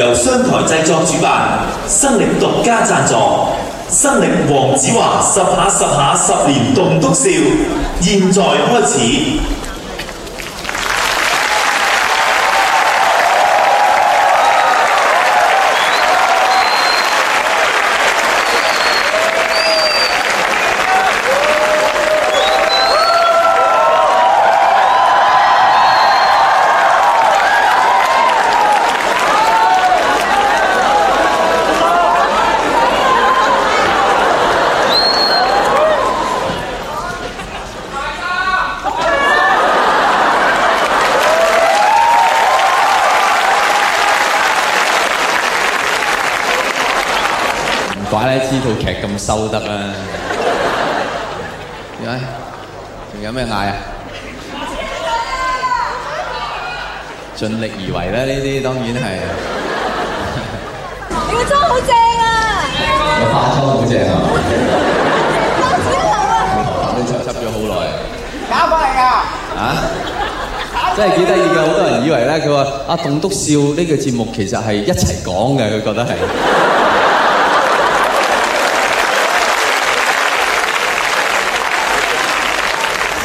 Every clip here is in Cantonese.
由商台製作主辦，生力獨家贊助，生力黃子華十下十下十年棟篤笑，現在開始。咁收得啊！點解？仲有咩嗌啊？盡力而為啦，呢啲當然係。你個妝好正啊！個化妝好正啊！你插插咗好耐。假扮嚟㗎。啊？真係幾得意㗎！好多人以為咧，佢話阿棟篤笑呢個節目其實係一齊講嘅，佢覺得係。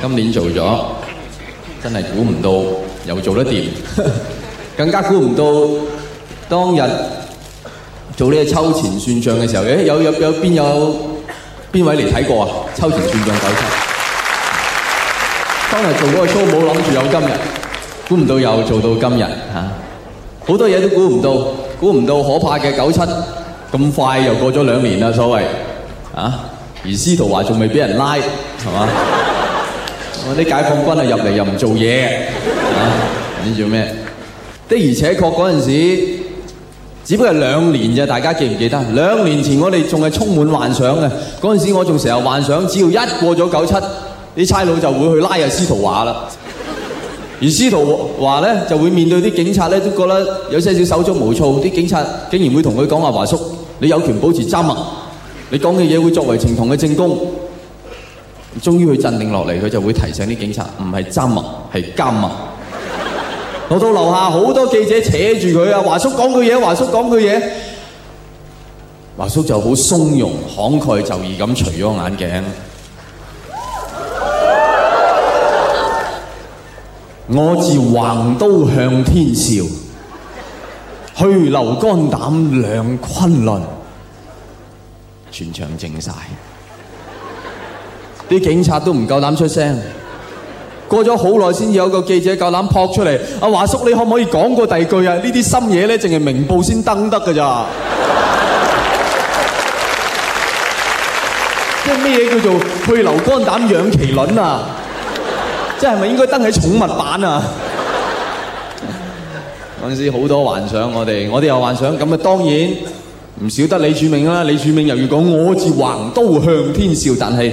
今年做咗，真係估唔到又做得掂， 更加估唔到當日做呢個秋前算帳嘅時候，誒、欸、有有有邊有邊位嚟睇過啊？秋前算帳九七， 當日做嗰個 show 冇諗住有今日，估唔到又做到今日嚇。好、啊、多嘢都估唔到，估唔到可怕嘅九七咁快又過咗兩年啦所謂，啊而司徒華仲未俾人拉係嘛？ 我啲解放軍 啊入嚟又唔做嘢，唔知做咩的，的而且確嗰陣時，只不過係兩年咋，大家記唔記得？兩年前我哋仲係充滿幻想嘅，嗰陣時我仲成日幻想，只要一過咗九七，啲差佬就會去拉入司徒華啦。 而司徒華咧就會面對啲警察咧，都覺得有些少手足無措。啲警察竟然會同佢講話：華叔，你有權保持沉默、啊，你講嘅嘢會作為呈堂嘅證供。終於佢鎮定落嚟，佢就會提醒啲警察唔係執密，係監啊。是」落 到樓下好多記者扯住佢啊！華叔講句嘢，華叔講句嘢。華 叔就好從容慷慨就義咁除咗眼鏡。 我自橫刀向天笑，去留肝膽兩崑崙。全場靜晒。啲警察都唔夠膽出聲，過咗好耐先有個記者夠膽撲出嚟。阿華叔，你可唔可以講個第二句啊？呢啲深嘢咧，淨係明報先登得㗎咋？即係咩嘢叫做去留肝膽養麒麟啊？即係咪應該登喺寵物版啊？嗰陣時好多幻想，我哋我哋又幻想咁啊。當然唔少得李柱銘啦。李柱銘又要講我自橫刀向天笑，但係。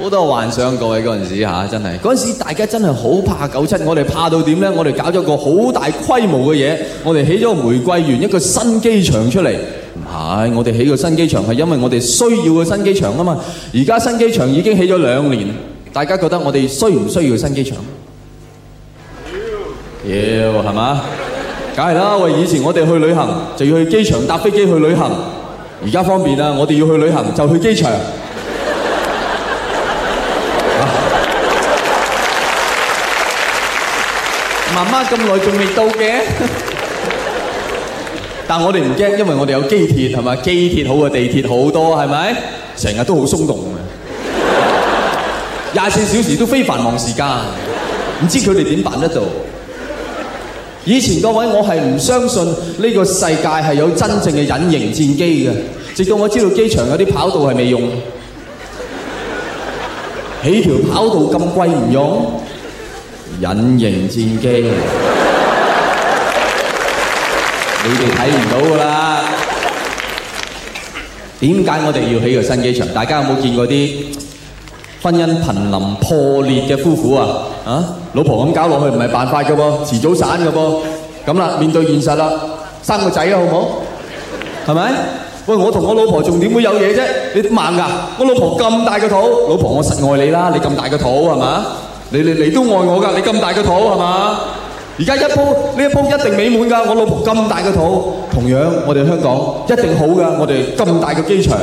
好多幻想過，各位嗰陣時吓，真係嗰陣時大家真係好怕九七，97，我哋怕到點呢？我哋搞咗個好大規模嘅嘢，我哋起咗個玫瑰園，一個新機場出嚟。唔係，我哋起個新機場係因為我哋需要個新機場啊嘛。而家新機場已經起咗兩年，大家覺得我哋需唔需要新機場？要係嘛？梗係啦，喂！以前我哋去旅行就要去機場搭飛機去旅行，而家方便啦，我哋要去旅行就去機場。媽媽咁耐仲未到嘅， 但我哋唔驚，因為我哋有機鐵，係咪？機鐵好過地鐵好多係咪？成日都好鬆動。廿四小時都非繁忙時間，唔知佢哋點辦得到。以前嗰位我係唔相信呢個世界係有真正嘅隱形戰機嘅，直到我知道機場有啲跑道係未用， 起條跑道咁貴唔用，隱形戰機， 你哋睇唔到噶啦。點解我哋要起個新機場？大家有冇見過啲婚姻瀕臨破裂嘅夫婦啊？啊，老婆咁搞落去唔係辦法噶噃，遲早散噶噃。咁啦，面對現實啦，生個仔啊，好冇好？係咪？喂，我同我老婆仲點會有嘢啫？你盲噶，我老婆咁大個肚，老婆我實愛你啦，你咁大個肚係嘛？是吧？你你你都愛我㗎，你咁大個肚係嘛？而家一鋪呢一鋪一定美滿㗎，我老婆咁大個肚，同樣我哋香港一定好㗎，我哋咁大個機場，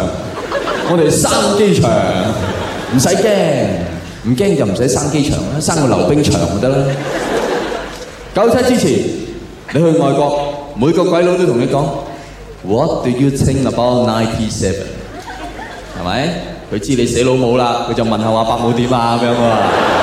我哋生機場唔使驚，唔驚就唔使生機場啦，生個溜冰場咪得啦。九七之前你去外國，每個鬼佬都同你講 What do you think about 97？係咪？佢知你死老母啦，佢就問下話伯母點啊咁樣喎。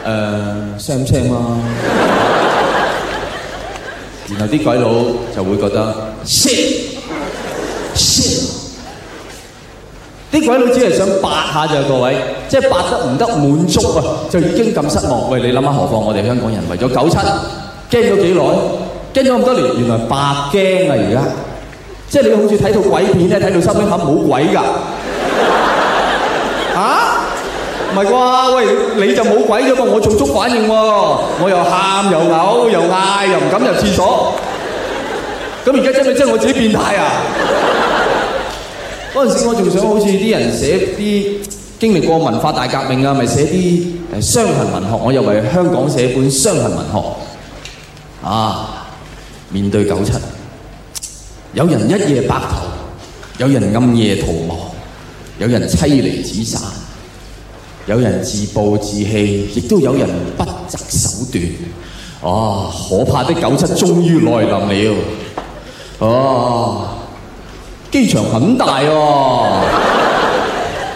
誒識唔識嘛？想想啊， 然後啲鬼佬就會覺得 Shit! Shit! 啲鬼佬只係想八下就各位，即係八得唔得滿足啊，就已經咁失望。喂，你諗下何況我哋香港人為咗九七驚咗幾耐，驚咗咁多年，原來白驚啊！而家即係你好似睇套鬼片咧，睇到身邊冇鬼㗎。唔係啩？喂，你就冇鬼嘅噃！我做足足反應喎，我又喊又嘔又嗌，又唔敢入廁所。咁而家真係真係我自己變態啊！嗰 陣時我仲想好似啲人寫啲經歷過文化大革命啊，咪寫啲誒傷痕文學。我又為香港寫本傷痕文學啊！面對九七，有人一夜白頭，有人暗夜逃亡，有人妻離子散。有人自暴自棄，亦都有人不擇手段。啊！可怕的九七終於來臨了。哦、啊，機場很大喎、啊。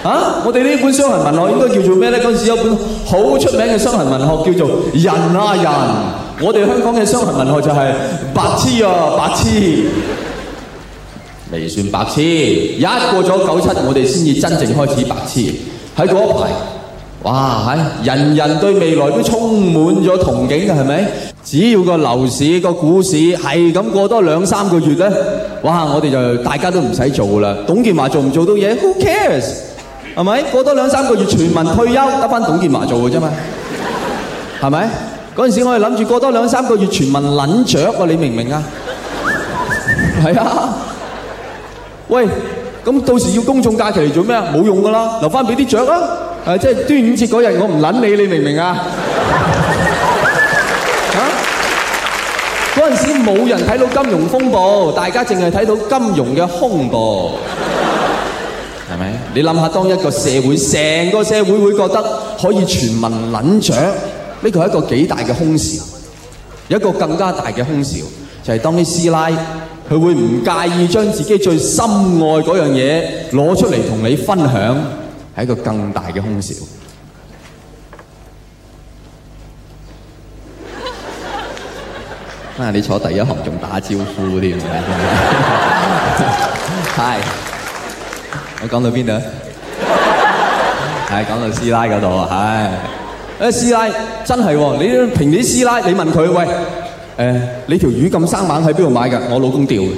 嚇、啊！我哋呢本傷痕文學應該叫做咩咧？嗰陣時有本好出名嘅傷痕文學叫做《人啊人》。我哋香港嘅傷痕文學就係白痴啊，白痴。未算白痴，一過咗九七，我哋先至真正開始白痴。喺嗰排，哇係，人人對未來都充滿咗憧憬嘅，係咪？只要個樓市個股市係咁過多兩三個月咧，哇！我哋就大家都唔使做噶啦。董建華做唔做到嘢？Who cares？係咪？過多兩三個月，全民退休，得翻董建華做嘅啫嘛。係咪？嗰陣時我哋諗住過多兩三個月，全民揇著啊！你明唔明啊？係啊。喂。咁到時要公眾假期嚟做咩啊？冇用噶啦，留翻俾啲獎啦！誒，即係端午節嗰日我唔撚你，你明唔明啊？啊！嗰陣時冇人睇到金融風暴，大家淨係睇到金融嘅空暴，係咪？你諗下，當一個社會成個社會會覺得可以全民撚獎，呢個係一個幾大嘅空兆。有一個更加大嘅空兆，就係當啲師奶。佢會唔介意將自己最深愛嗰樣嘢攞出嚟同你分享，係一個更大嘅空笑。啊！你坐第一行仲打招呼添？係，我講到邊度？係講到師奶嗰度啊！係，誒師奶真係喎，你平啲師奶，你問佢喂。誒、哎，你條魚咁生猛喺邊度買㗎？我老公釣嘅，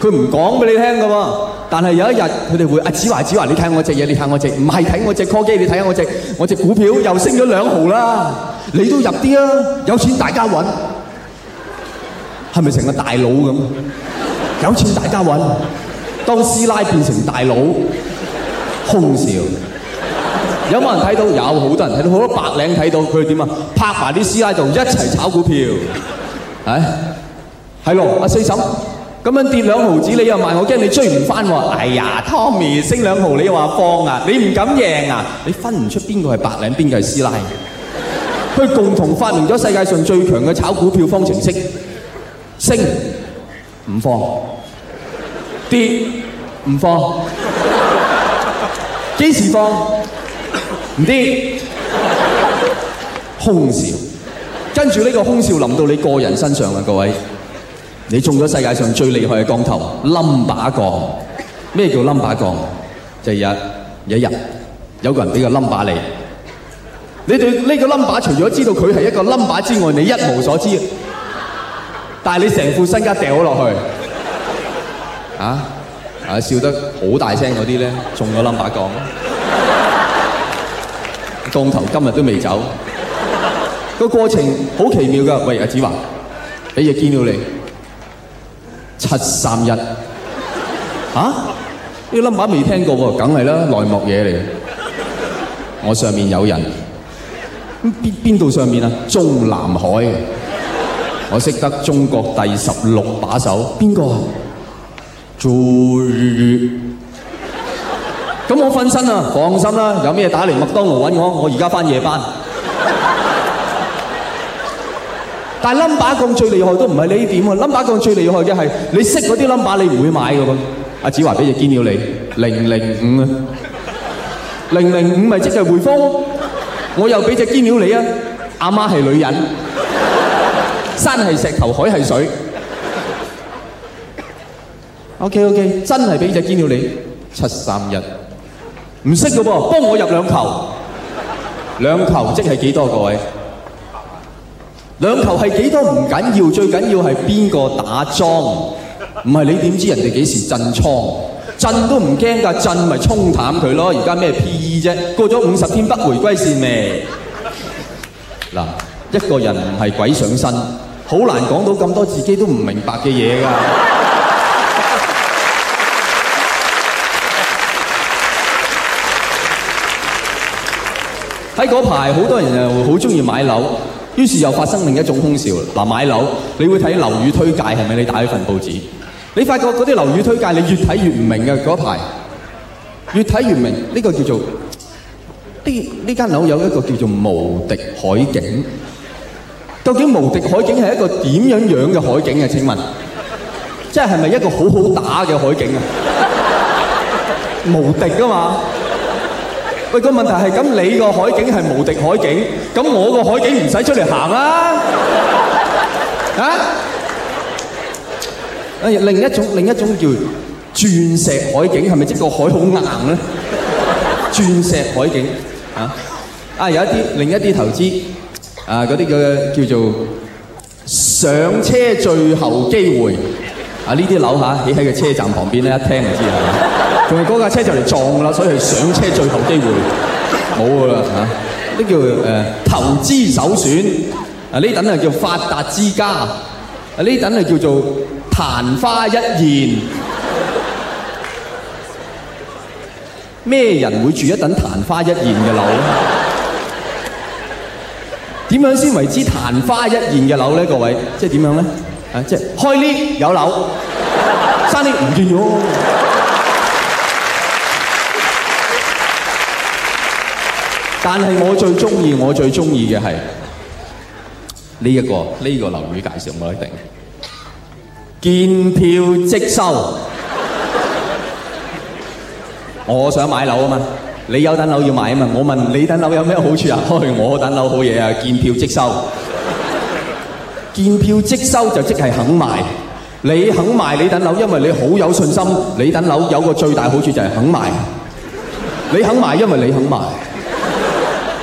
佢唔講俾你聽嘅。但係有一日佢哋會，阿子華子華，你睇我隻嘢，你睇我隻，唔係睇我隻 call 機，你睇下我隻，我隻股票又升咗兩毫啦。你都入啲啊，有錢大家揾，係咪成個大佬咁？有錢大家揾，當師奶變成大佬，空笑。有冇人睇到？有好多人睇到，好多白領睇到佢點啊？拍埋啲師奶同一齊炒股票，係 係、啊、咯，阿四嬸咁樣跌兩毫子，你又賣，我驚你追唔翻喎。哎呀，Tommy 升兩毫，你又話放啊？你唔敢贏啊？你分唔出邊個係白領，邊個係師奶？佢共同發明咗世界上最強嘅炒股票方程式：升唔放，跌唔放，幾時放？唔知 空笑，跟住呢個空笑淋到你個人身上啊。各位，你中咗世界上最厲害嘅鋼頭冧把鋼，咩 叫冧把鋼？ 就有一，一日有個人俾個冧把你，你對呢個冧把除咗知道佢係一個冧把之外，你一無所知，但係你成副身家掉落去，啊啊笑得好大聲嗰啲咧，中咗冧把鋼。當頭今日都未走，個過程好奇妙㗎。喂，阿子華，俾嘢見了你七三一，嚇？呢粒馬未聽過喎，梗係啦，內幕嘢嚟。我上面有人，邊邊度上面啊？中南海。我識得中國第十六把手邊個？主席。咁我瞓身啊，放心啦，有咩打嚟麥當勞揾我，我而家返夜班。但係 number one 最厲害都唔係呢點喎，number one 最厲害嘅係你識嗰啲 number 你唔會買嘅噃。阿子華俾隻堅料你，零零五啊，零零五咪即係匯豐。我又俾隻堅料你啊，阿媽係女人，山係石頭，海係水。OK OK，真係俾隻堅料你，七三一。唔識噶噃，幫我入兩球， 兩球即係幾多？各位，兩球係幾多唔緊要，最緊要係邊個打莊？唔係你點知人哋幾時震倉？震都唔驚㗎，震咪沖淡佢咯。而家咩 PE 啫？過咗五十天不回歸線未？嗱，一個人唔係鬼上身，好難講到咁多自己都唔明白嘅嘢㗎。喺嗰排好多人又好中意買樓，於是又發生另一種風潮，嗱，買樓你會睇樓宇推介係咪？係咪你打一份報紙，你發覺嗰啲樓宇推介你越睇越唔明嘅，嗰排，越睇越唔明。呢、呢個叫做啲呢間樓有一個叫做無敵海景。究竟無敵海景係一個點樣樣嘅海景啊？請問，即係係咪一個好好打嘅海景啊？無敵啊嘛！喂，個問題係咁，你個海景係無敵海景，咁我個海景唔使出嚟行啦，啊！誒，另一種另一種叫鑽石海景，係咪即個海好硬咧？鑽石海景啊！啊，有一啲另一啲投資啊，嗰啲叫叫做上車最後機會啊，呢啲樓下起喺個車站旁邊咧，一聽就知啦。仲係嗰架車就嚟撞啦，所以係上車最後機會冇啦吓，呢、啊、叫誒、呃、投資首選啊呢等係叫發達之家啊呢等係叫做曇花一現，咩 人會住一等曇花一現嘅樓咧？點 樣先為之曇花一現嘅樓咧？各位即係點樣咧？啊即係開 lift 有樓，閂 lift 唔見咗。但係我最中意，我最中意嘅係呢一個呢個樓宇介紹我一定見票即收。我想買樓啊嘛，你有等樓要賣啊嘛，我問你等樓有咩好處啊？我等樓好嘢啊，見票即收，見票即收就即係肯賣。你肯賣你等樓，因為你好有信心。你等樓有個最大好處就係肯賣。你肯賣，因為你肯賣。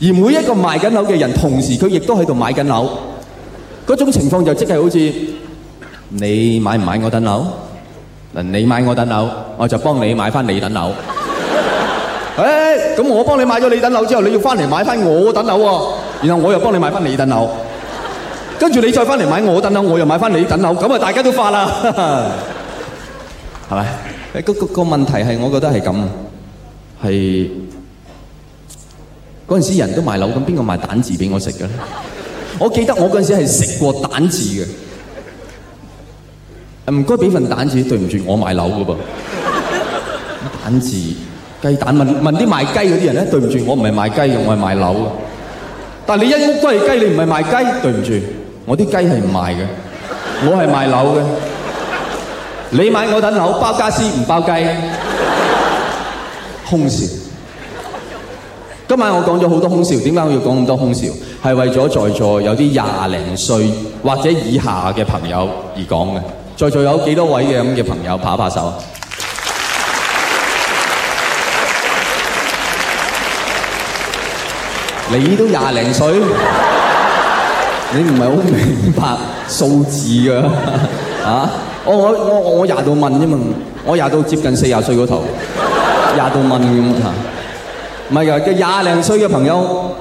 而每一個賣緊樓嘅人，同時佢亦都喺度買緊樓，嗰種情況就即係好似你買唔買我等樓？嗱，你買我等樓，我就幫你買翻你等樓。誒，咁我幫你買咗你等樓之後，你要翻嚟買翻我等樓喎，然後我又幫你買翻你等樓，跟住你再翻嚟買我等樓，我又買翻你等樓，咁啊，大家都發啦，係咪？誒，個個個問題係，我覺得係咁，係。嗰陣時人都賣樓，咁邊個賣蛋治畀我食㗎？我記得我嗰陣時係食過蛋治㗎。唔該，畀份蛋治，對唔住，我賣樓㗎噃。蛋治雞蛋，問問啲賣雞嗰啲人呢？對唔住，我唔係賣雞嘅，我係賣樓嘅。但你一屋都係雞，你唔係賣雞？對唔住，我啲雞係唔賣㗎。我係賣樓㗎。你買我棟樓，包傢俬唔包雞，空少。今晚我講咗好多空笑，點解我要講咁多空笑？係為咗在座有啲廿零歲或者以下嘅朋友而講嘅。在座有幾多位嘅咁嘅朋友？拍一拍手。 你都廿零歲， 你唔係好明白數字嘅啊？我我我我廿度問啫嘛，我廿度接近四十歲嗰頭，廿 度問咁唔係有隻廿零歲嘅朋友，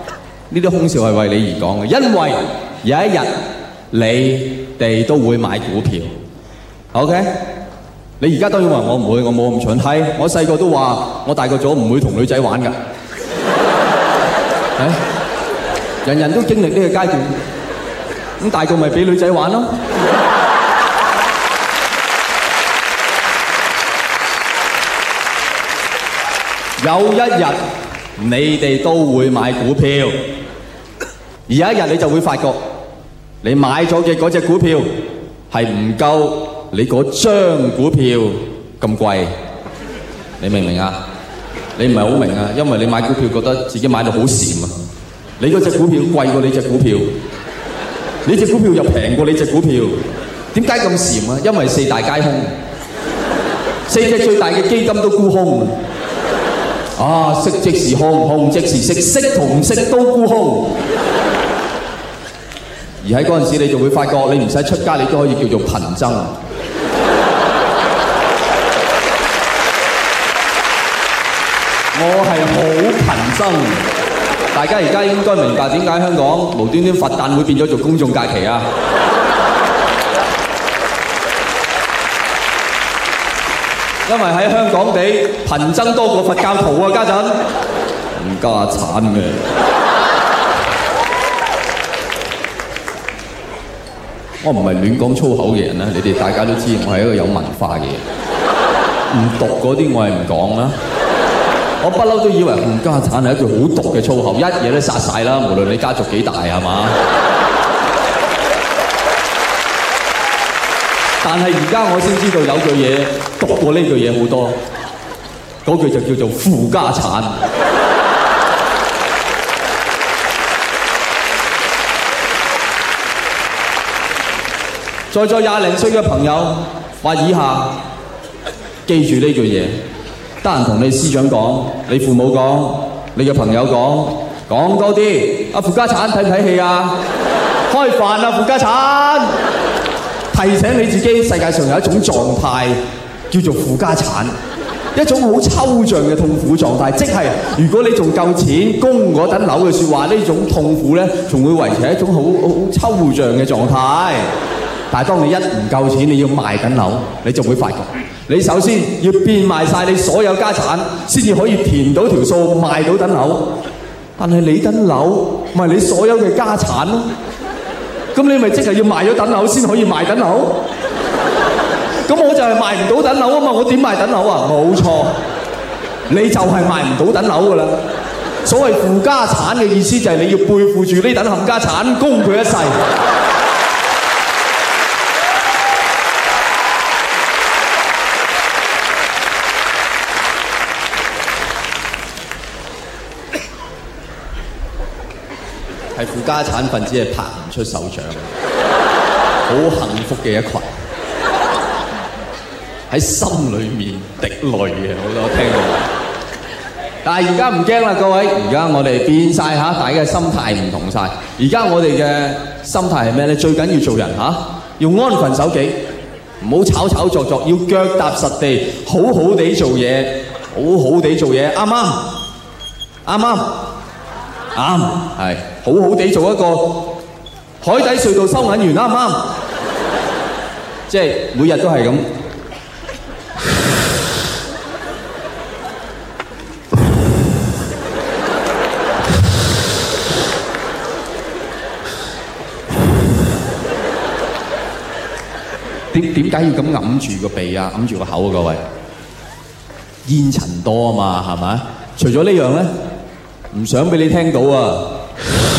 呢啲空笑係為你而講嘅，因為有一日你哋都會買股票。OK，你而家當然話我唔會，我冇咁蠢閪。我細個都話，我大個咗唔會同女仔玩㗎。誒，人人都經歷呢個階段，咁大個咪俾女仔玩咯。有一日。你哋都會買股票，而有一日你就會發覺，你買咗嘅嗰隻股票係唔夠你嗰張股票咁貴，你明唔明啊？你唔係好明啊，因為你買股票覺得自己買到好蝧啊！你嗰隻股票貴過你隻股票，你隻股票又平過你隻股票，點解咁蝧啊？因為四大皆空，四隻最大嘅基金都沽空。啊！色即是空，空即是色，色同色都沽空。 而喺嗰陣時，你就會發覺你唔使出街，你都可以叫做貧僧。 我係好貧僧， 大家而家應該明白點解香港無端端佛誕會變咗做公眾假期啊！因為喺香港地貧僧多過佛教徒啊，家陣，吳家產嘅，我唔係亂講粗口嘅人啦，你哋大家都知，我係一個有文化嘅人，唔 毒嗰啲我係唔講啦，我不嬲都以為吳家產係一句好毒嘅粗口，一嘢都殺晒啦，無論你家族幾大係嘛。但係而家我先知道有句嘢讀過呢句嘢好多，嗰句就叫做富家產。 在座廿零歲嘅朋友，或以下，記住呢句嘢，得閒同你師長講、你父母講、你嘅朋友講，講多啲。阿、啊、富家產睇唔睇戲啊？開飯啊，富家產！提醒你自己，世界上有一種狀態叫做負家產，一種好抽象嘅痛苦狀態，即係如果你仲夠錢供我等樓嘅說話呢種痛苦咧，仲會維持一種好好抽象嘅狀態。但當你一唔夠錢你要賣緊樓，你就會發覺，你首先要變賣晒你所有家產先至可以填到條數賣到等樓，但係你等樓唔係你所有嘅家產。咁你咪即係要賣咗等樓先可以賣等樓？咁 我就係賣唔到等樓啊嘛！我點賣等樓啊？冇錯，你就係賣唔到等樓噶啦！所謂負家產嘅意思就係你要背負住呢等冚家產供佢一世。係附加產份子係拍唔出手掌，好幸福嘅一羣，喺心裡面滴淚嘅，我我聽過。但係而家唔驚啦，各位，而家我哋變曬嚇，大家嘅心態唔同曬。而家我哋嘅心態係咩咧？最緊要做人嚇，要安分守己，唔好炒炒作作，要腳踏實地，好好地做嘢，好好地做嘢，啱唔啱？啱唔啱？啱係。好好地做一個海底隧道收銀員啱唔啱？即係、 就是、每日都係咁。點 解 要咁揞住個鼻啊？揞住個口啊！各位，煙塵多啊嘛，係咪？除咗呢樣咧，唔想俾你聽到啊！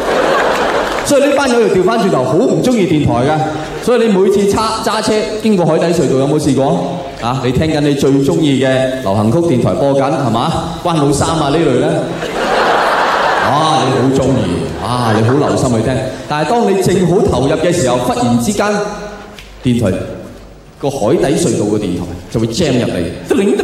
所以呢班友又調翻轉頭，好唔中意電台㗎。所以你每次揸揸車經過海底隧道，有冇試過啊？你聽緊你最中意嘅流行曲電台播緊係嘛？關老三啊呢類咧，啊你好中意，啊你好留心去聽。但係當你正好投入嘅時候，忽然之間電台個海底隧道嘅電台就會 jam 入嚟，得令得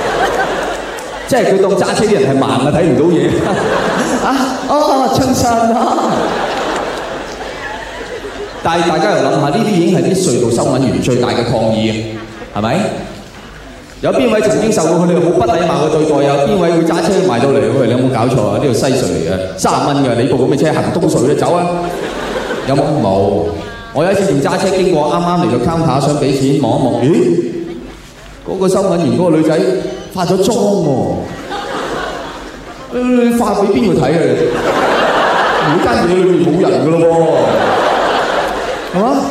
即係佢當揸車啲人係盲啊，睇唔到嘢啊！哦，青山啊！但係大家又諗下，呢啲已經係啲隧道收銀員最大嘅抗議啊，係咪？有邊位曾經受過佢哋好不禮貌嘅對待？有邊位會揸車賣到嚟？喂，你有冇搞錯啊？呢度西隧嚟嘅，三十蚊㗎，你部咁嘅車行東隧咧，走啊！有冇？冇。我有一次仲揸車經過，啱啱嚟到 counter 想俾錢望一望，咦？嗰個收銀員嗰個女仔。化咗妝喎，你化俾邊個睇？ 啊，啊？呢間嘢裡面冇人噶咯喎，係嘛？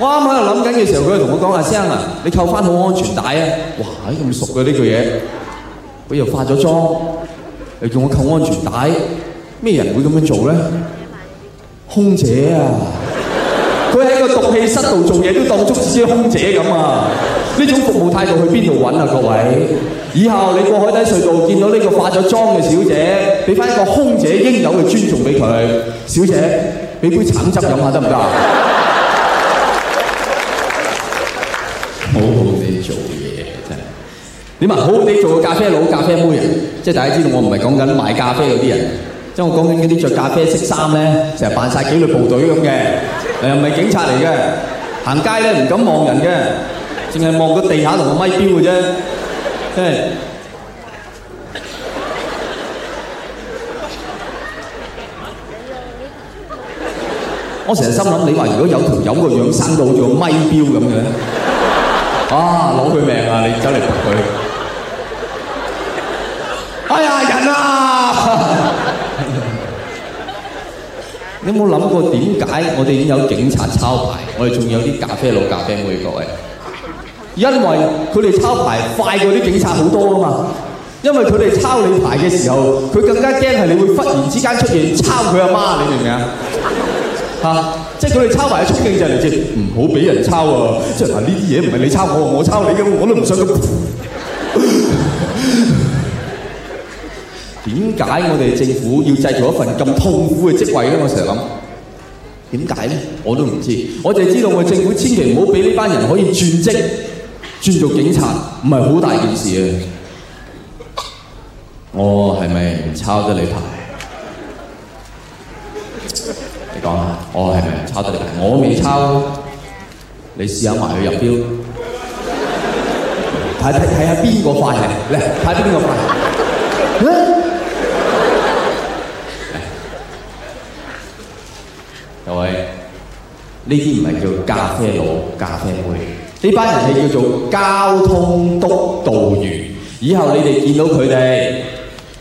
我啱喺度諗緊嘅時候，佢就同我講下聲啊，你扣翻好安全帶啊！哇，咁熟嘅呢句嘢，佢、這個、又化咗妝，又叫我扣安全帶，咩人會咁樣做咧？空姐啊！佢喺個毒氣室度做嘢都當自己空姐咁啊！呢種服務態度去邊度揾啊？各位，以後你過海底隧道見到呢個化咗妝嘅小姐，俾翻一個空姐應有嘅尊重俾佢。小姐，俾杯橙汁飲下得唔得啊？好好地做嘢真係點啊！好好地做咖啡佬、咖啡妹人啊！即係大家知道我唔係講緊賣咖啡嗰啲人，即係我講緊嗰啲着咖啡色衫咧，成日扮晒紀律部隊咁嘅。又唔係警察嚟嘅，行街咧唔敢望人嘅，淨係望個地下同個咪標嘅啫。 我成日心諗，你話如果有條友個樣生到好似咪標咁樣 啊攞佢命啊！你走嚟揼佢，哎呀人啊！ 你有冇諗過點解我哋已經有警察抄牌，我哋仲有啲咖啡佬咖啡妹各位？因為佢哋抄牌快過啲警察好多啊嘛！因為佢哋抄你牌嘅時候，佢更加驚係你會忽然之間出現抄佢阿媽，你明唔明啊？嚇！即係佢哋抄牌嘅衝勁就係嚟自唔好俾人抄啊！即係嗱，呢啲嘢唔係你抄我，我抄你嘅，我都唔想咁。 點解我哋政府要製造一份咁痛苦嘅職位咧？我成日諗，點解咧？我都唔知。我就係知道，我知道政府千祈唔好俾呢班人可以轉職轉做警察，唔係好大件事啊、嗯！我係咪唔抄得你牌？你講下，我係咪唔抄得你牌？我未抄我，你試下埋去入標，睇睇睇下邊個快嘅，嚟睇下邊個快。呢啲唔係叫咖啡佬、咖啡妹，呢班人係叫做交通督導員。以後你哋見到佢哋，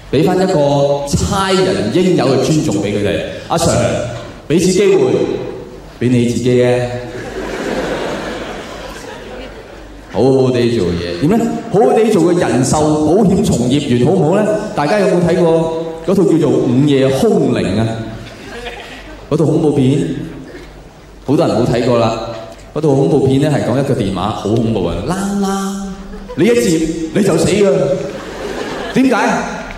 俾翻一個差人應有嘅尊重俾佢哋。阿、啊、Sir，俾次機會俾你自己咧， 好好地做嘢。點咧？好好地做個人壽保險從業員好唔好咧？大家有冇睇過嗰套叫做《午夜凶鈴》啊？嗰套恐怖片？好多人冇睇過啦，嗰套恐怖片咧，係講一個電話好恐怖啊，啦啦，你一接你就死㗎，點解？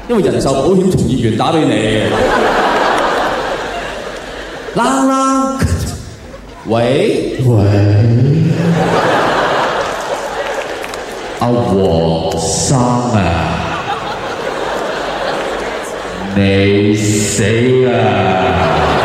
因為人壽保險從業員打俾你，啦啦，喂喂，阿黃生啊，你死啊！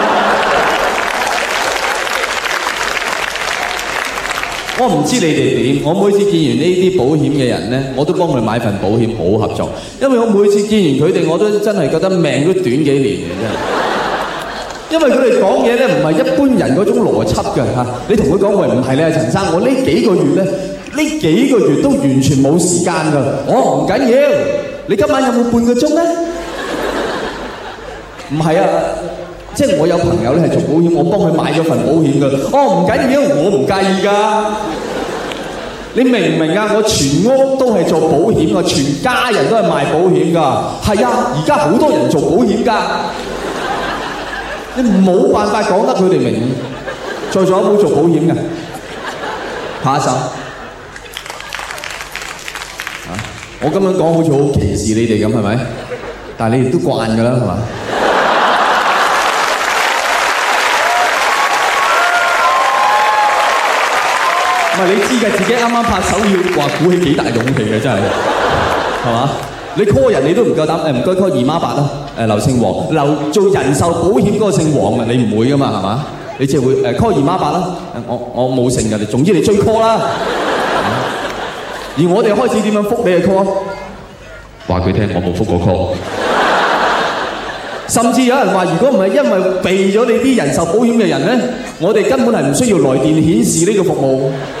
我唔知你哋點，我每次見完呢啲保險嘅人呢，我都幫佢買份保險，好合作，因為我每次見完佢哋，我都真係覺得命都短幾年嘅啫。因為佢哋講嘢呢，唔係一般人嗰種邏輯嘅嚇。你同佢講，喂，唔係你係陳生，我呢幾個月呢，呢幾個月都完全冇時間㗎。我唔緊要，你今晚有冇半個鐘呢？唔係啊。即係我有朋友咧，係做保險，我幫佢買咗份保險㗎。哦，唔緊要，為我唔介意㗎。你明唔明啊？我全屋都係做保險㗎，全家人都係賣保險㗎。係啊，而家好多人做保險㗎。你冇辦法講得佢哋明白。在座有冇做保險嘅？下一首。啊，我今日講好似好歧視你哋咁係咪？但係你哋都慣㗎啦係嘛？是你知嘅，自己啱啱拍手要話鼓起幾大勇氣嘅，真係，係 嘛？你 call 人你都唔夠膽，誒，唔該 call 姨媽八啦，誒、呃、劉姓黃，劉做人壽保險嗰個姓黃啊，你唔會噶嘛，係嘛？你只會誒、呃、call 姨媽八啦，我我冇姓，你總之你追 call 啦。 而我哋開始點樣覆你嘅 call？話佢聽，我冇覆過 call。 甚至有人話，如果唔係因為避咗你啲人壽保險嘅人咧，我哋根本係唔需要來電顯示呢個服務。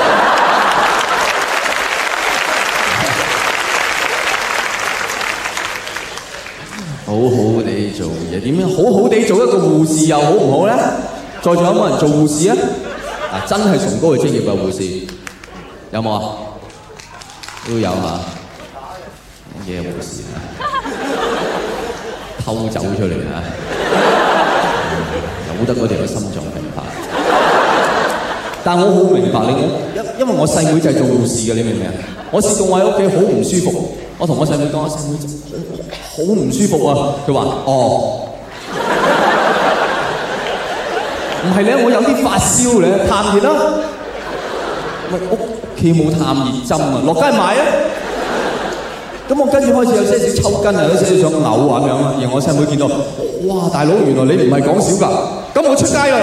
點樣好好地做一個護士又好唔好咧？在場有冇人做護士呢 啊？嗱，真係崇高嘅職業嘅，啊、護士，有冇啊？都有嚇，講嘢護士啊，偷走出嚟啊，冇， 嗯、得嗰條有心臟病發，但係我好明白你，因因為我細妹就係做護士嘅，你明唔明啊？我試到我喺屋企好唔舒服，我同我細妹講，我細妹好唔舒服啊，佢話：哦。唔係咧，我有啲發燒咧、啊，探熱啦、啊。唔係屋企冇探熱針啊，落街買啊。咁我跟住開始有些少抽筋啊，有些少想嘔咁樣啦。而我細妹見到，哇！大佬原來你唔係講笑㗎，咁我出街啊。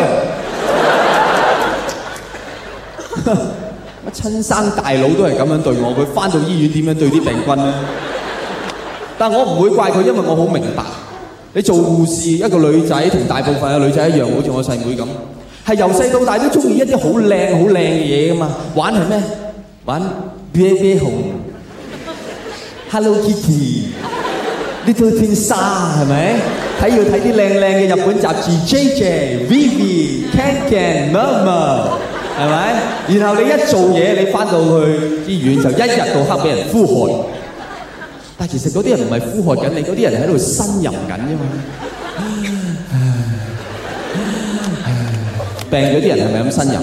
乜 親生大佬都係咁樣對我，佢翻到醫院點樣對啲病菌咧？但我唔會怪佢，因為我好明白。你做護士一個女仔，同大部分嘅女仔一樣，好似我細妹咁，係由細到大都鍾意一啲好靚好靚嘅嘢㗎嘛，玩係咩？玩 B B 熊，Hello Kitty，Little Twin Stars 係咪？睇要睇啲靚靚嘅日本雜誌，J J、ViVi、Kan Kan、Mama 係咪？然後你一做嘢，你翻到去醫院就一日到黑俾人呼喊。但係其實嗰啲人唔係呼喝緊你，嗰啲人喺度呻吟緊啫嘛。病嗰啲人係咪咁呻吟？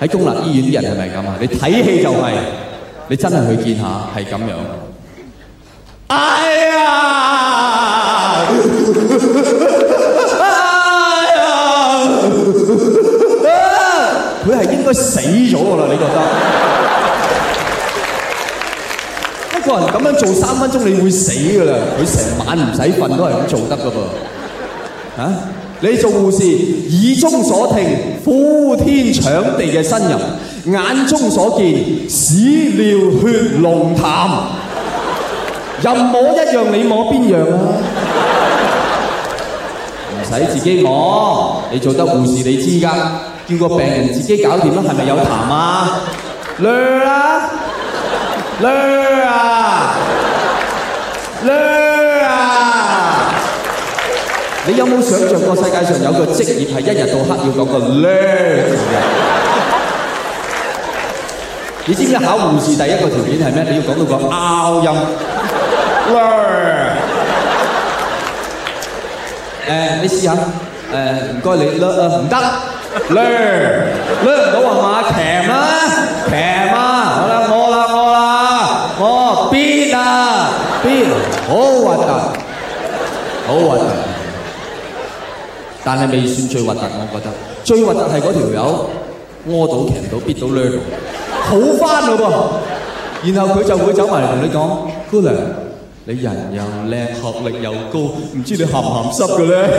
喺公立醫院啲人係咪咁啊？你睇戲就係，你真係去見下係咁樣。哎呀！佢係應該死咗㗎啦，你覺得？一個人咁樣做三分鐘，你會死噶啦！佢成晚唔使瞓都係咁做得噶噃。嚇、啊，你做護士，耳中所聽呼天搶地嘅呻吟，眼中所見屎尿血濃痰，任 摸一樣你摸邊樣啊？唔 使自己摸，你做得護士你知噶，叫個病人自己搞掂啦。係咪有痰啊？唻、啊！learn，learn，你有冇想象過世界上有個職業係一日到黑要講個 learn 嘅？你知唔知考護士第一個條件係咩？你要講到個拗音 learn。誒，你試下。誒，唔該你 learn 啊，唔得。learn，learn，我話咩？喊啦，喊啦，好啦。好核突，好核突，但係未算最核突，我覺得最核突係嗰條友，屙到強到，憋到甩到，好翻嘞噃！然後佢就會走埋嚟同你講：姑娘，你人又靚，學歷又高，唔知你鹹唔鹹濕嘅咧？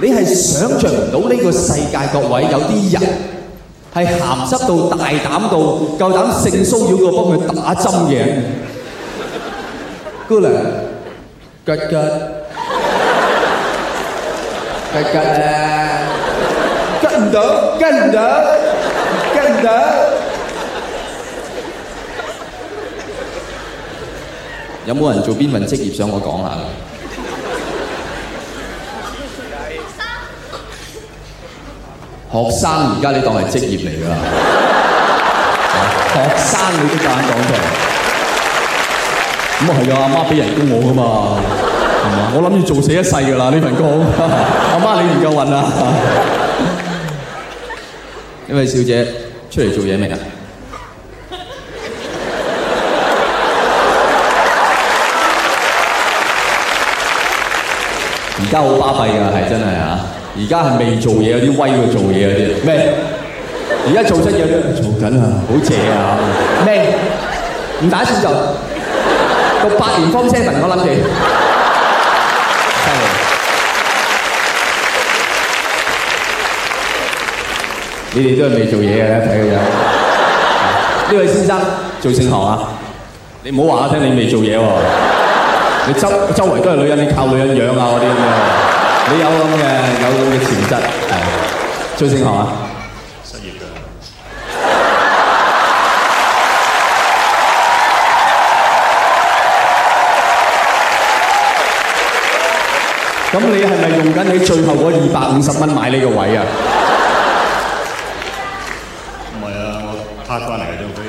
你係想象唔到呢個世界各位有啲人係鹹濕到大膽到夠膽性騷擾過幫佢打針嘅。姑娘，近近，近近，跟唔到，跟唔到，跟唔到，有冇人做邊份職業？想我講下啦。學生，學生而家你當係職業嚟㗎喇。學生你都夠膽講出嚟。咁啊係噶，阿媽俾人工我噶嘛，係嘛？我諗住做死一世噶啦呢份工，阿 媽，媽你唔夠運啊！呢 位小姐出嚟 做嘢未啊？而家好巴閉㗎係真係嚇，而家係未做嘢有啲威㗎，做嘢有啲咩？而家做出嘢咧？做緊啊，好謝啊！咩？唔打算就？讀八年方 Stephen，我諗住。 你哋都係未做嘢嘅，睇個樣。呢 位先生做正行啊！ 你唔好話我聽你未做嘢喎。 你周周圍都係女人，你靠女人養啊，嗰啲咁樣。 你有咁嘅有咁嘅潛質，係 做正行啊！咁你係咪用緊你最後嗰二百五十蚊買呢個位啊？唔係啊，我拍翻嚟張飛。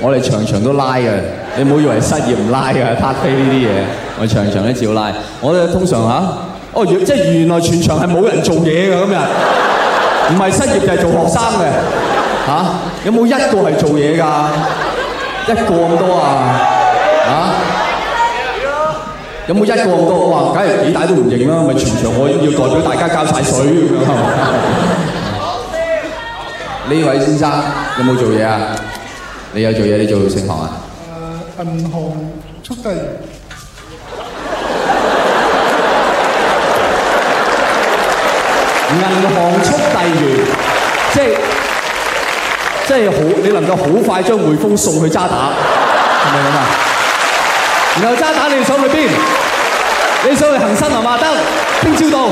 我哋場場都拉啊，你唔好以為失業唔拉啊，拍飛呢啲嘢。我哋場場都照拉。我哋通常嚇，哦，即係原來全場係冇人做嘢㗎，今日唔係失業就係做學生嘅嚇。有冇一個係做嘢㗎？一個咁多啊？啊！有冇一個咁多？梗係幾大都唔認啦，咪全場我要代表大家交曬水咁樣。呢、啊、位先生有冇做嘢啊？你有做嘢？你做盛行啊？誒，銀行速遞。 Passion, 銀行速遞員，即係即係好，你能夠好快將匯豐送去渣打，係咪咁啊？然後渣打你手裏邊，你想去，去恆生啊、萬得，聽朝到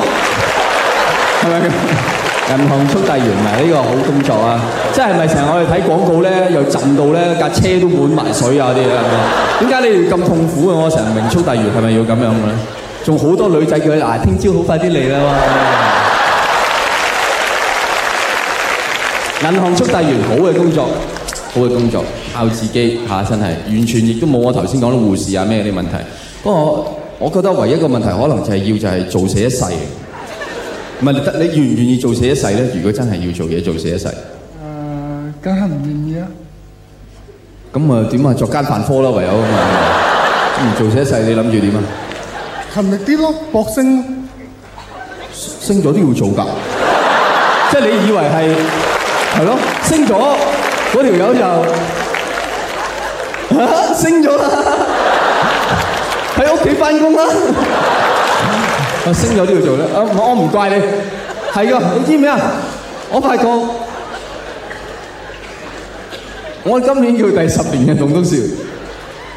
係咪？銀行速遞員咪呢、呢個好工作啊！即係咪成日我哋睇廣告咧，又浸到咧，架車都滿埋水啊啲啊！點解你哋咁痛苦啊？我成日明速遞員係咪要咁樣嘅？仲好多女仔叫佢啊，聽朝好快啲嚟啦嘛！銀行速遞員好嘅工作，好嘅工作。靠自己嚇，真係完全亦都冇我頭先講啲護士啊咩啲問題。不過我，我覺得唯一,一個問題可能就係要就係做死一世，唔係你得你願唔願意做死一世咧？如果真係要做嘢，做死一世，誒梗係唔願意啦。咁啊，點啊作奸犯科啦，唯有啊，唔 做死一世，你諗住點啊？勤力啲咯，搏升咯，升咗都要做㗎。 即係你以為係係咯，升咗嗰條友就～ 升咗啦，喺屋企翻工啦，我 升咗呢度做咧。我唔，我唔怪你。係啊，你知唔知咩啊？我發覺，我今年叫佢第十年嘅同工笑，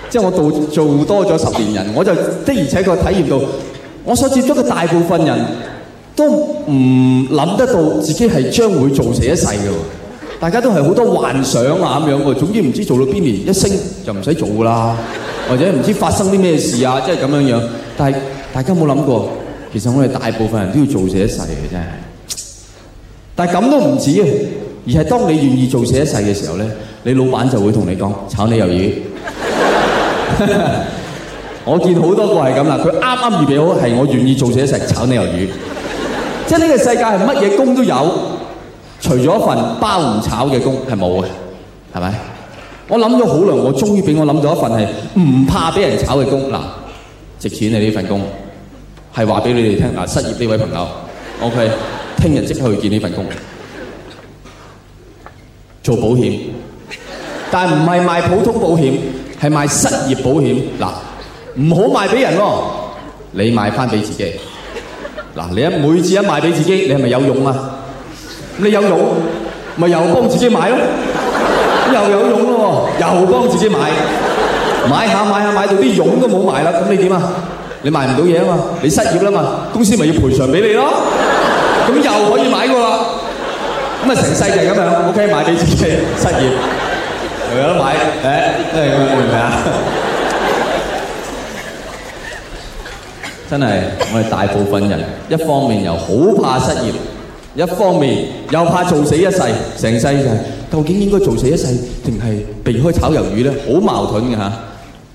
即係我做做多咗十年人，我就的而且確體驗到，我所接觸嘅大部分人都唔諗得到自己係將會做死一世嘅。大家都係好多幻想啊咁樣喎，總之唔知做到邊年一升就唔使做啦，或者唔知發生啲咩事啊，即係咁樣樣。但係大家冇諗過，其實我哋大部分人都要做死一世嘅真係。但係咁都唔止啊，而係當你願意做死一世嘅時候咧，你老闆就會同你講炒你魷魚。 我見好多個係咁啦，佢啱啱預備好，係我願意做死一世炒你魷魚。即係呢個世界係乜嘢工都有。除咗一份包唔炒嘅工係冇嘅，係咪？我諗咗好耐，我終於俾我諗到一份係唔怕俾人炒嘅工。嗱，值錢你呢份工，係話俾你哋聽。嗱，失業呢位朋友，OK，聽日即刻去見呢份工，做保險，但係唔係賣普通保險，係賣失業保險。嗱，唔好賣俾人喎，你賣翻俾自己。嗱，你一每次一賣俾自己，你係咪有用啊？你有傭咪又幫自己買咯，又有傭喎，又幫自己買，買下買下買到啲傭都冇買啦，咁你點啊？你賣唔到嘢啊嘛，你失業啦嘛，公司咪要賠償俾你咯，咁又可以買喎，咁咪成世就係咁樣，OK，買畀自己，失業，誒 買， 誒，都係我哋明白，真係我哋大部分人一方面又好怕失業。一方面又怕做死一世，成世就究竟應該做死一世，定係避開炒魷魚呢？好矛盾嘅吓。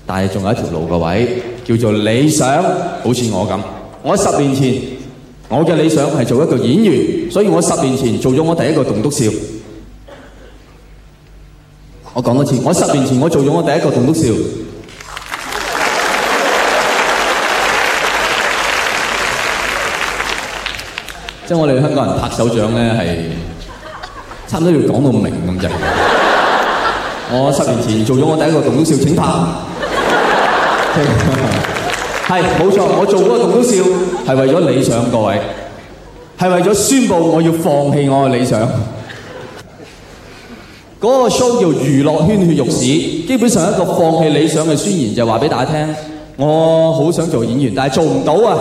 但係仲有一條路嘅位，叫做理想，好似我咁。我十年前我嘅理想係做一個演員，所以我十年前做咗我第一個棟篤笑。我講多次，我十年前我做咗我第一個棟篤笑。即係我哋香港人拍手掌咧，係差唔多要講到明咁滯。我十年前做咗我第一個棟篤笑，請拍，係冇錯，我做嗰個棟篤笑係為咗理想，各位係為咗宣佈我要放棄我嘅理想。嗰、那個 show 叫《娛樂圈血肉史》，基本上一個放棄理想嘅宣言，就話、是、俾大家聽：我好想做演員，但係做唔到啊！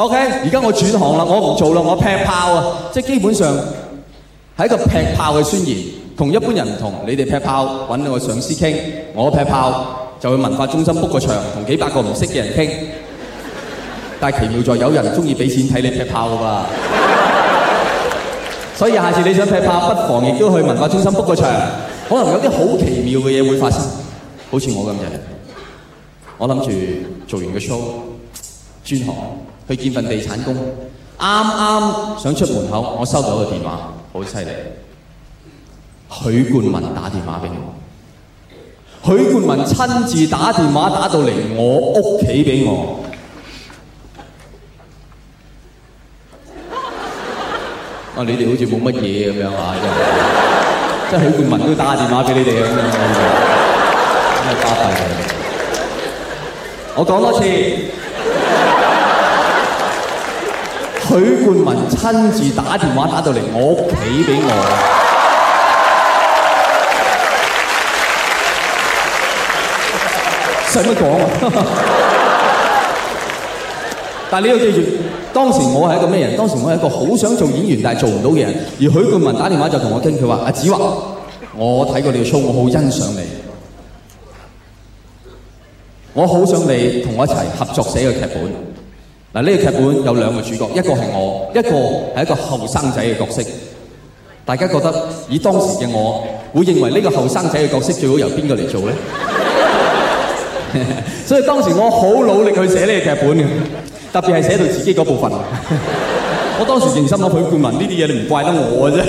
OK，而家我轉行啦，我唔做啦，我劈炮啊！即係基本上係一個劈炮嘅宣言，同一般人唔同。你哋劈炮揾你個上司傾，我劈炮就去文化中心 book 個場，同幾百個唔識嘅人傾。但係奇妙在有人中意俾錢睇你劈炮㗎噃。所以下次你想劈炮，不妨亦都去文化中心 book 個場，可能有啲好奇妙嘅嘢會發生。好似我咁樣，我諗住做完個 show 轉行。去見份地產工，啱啱想出門口，我收到個電話，好犀利。許冠文打電話俾我，許冠文親自打電話打到嚟我屋企俾我。 啊！你哋好似冇乜嘢咁樣嚇，即係許冠文都打電話俾你哋咁樣， 真係巴閉。 我講多次。 許冠文親自打電話打到嚟我屋企俾我，使乜講啊？ 但係你要記住，當時我係一個咩人？當時我係一個好想做演員但係做唔到嘅人。而許冠文打電話就同我傾，佢話：阿子華，我睇過你嘅 show，我好欣賞你，我好想你同我一齊合作寫個劇本。嗱，呢個劇本有兩個主角，一個係我，一個係一個後生仔嘅角色。大家覺得以當時嘅我，會認為呢個後生仔嘅角色最好由邊個嚟做咧？所以當時我好努力去寫呢個劇本嘅，特別係寫到自己嗰部分。我當時認真諗，許冠文呢啲嘢你唔怪得我嘅啫。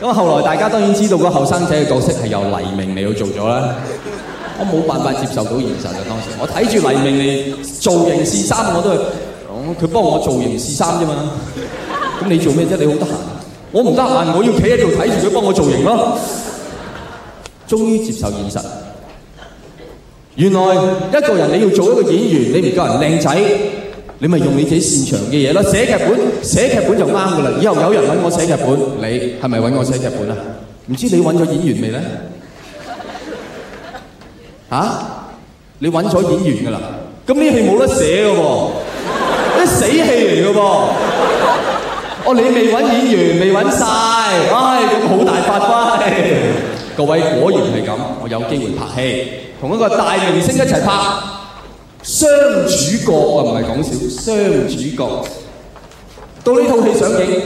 咁後來大家當然知道個後生仔嘅角色係由黎明嚟到做咗啦。我冇辦法接受到現實啊！當時我睇住黎明你造型試衫，我都係佢幫我造型試衫啫嘛。咁你做咩啫？你好得閒？我唔得閒，我要企喺度睇住佢幫我造型咯。終於接受現實，原來一個人你要做一個演員，你唔夠人靚仔，你咪用你自己擅長嘅嘢咯。寫劇本，寫劇本就啱噶啦。以後有人揾我寫劇本，你係咪揾我寫劇本啊？唔知你揾咗演員未咧？嚇、啊！你揾咗演員噶啦，咁呢部冇得寫噶噃、啊，啲 死戲嚟噶噃。哦，你未揾演員，未揾晒，唉、 哎，好大發揮。 各位果然係咁，我有機會拍戲，同一個大明星一齊拍雙主角啊，唔係講笑，雙主角到呢套戲上映，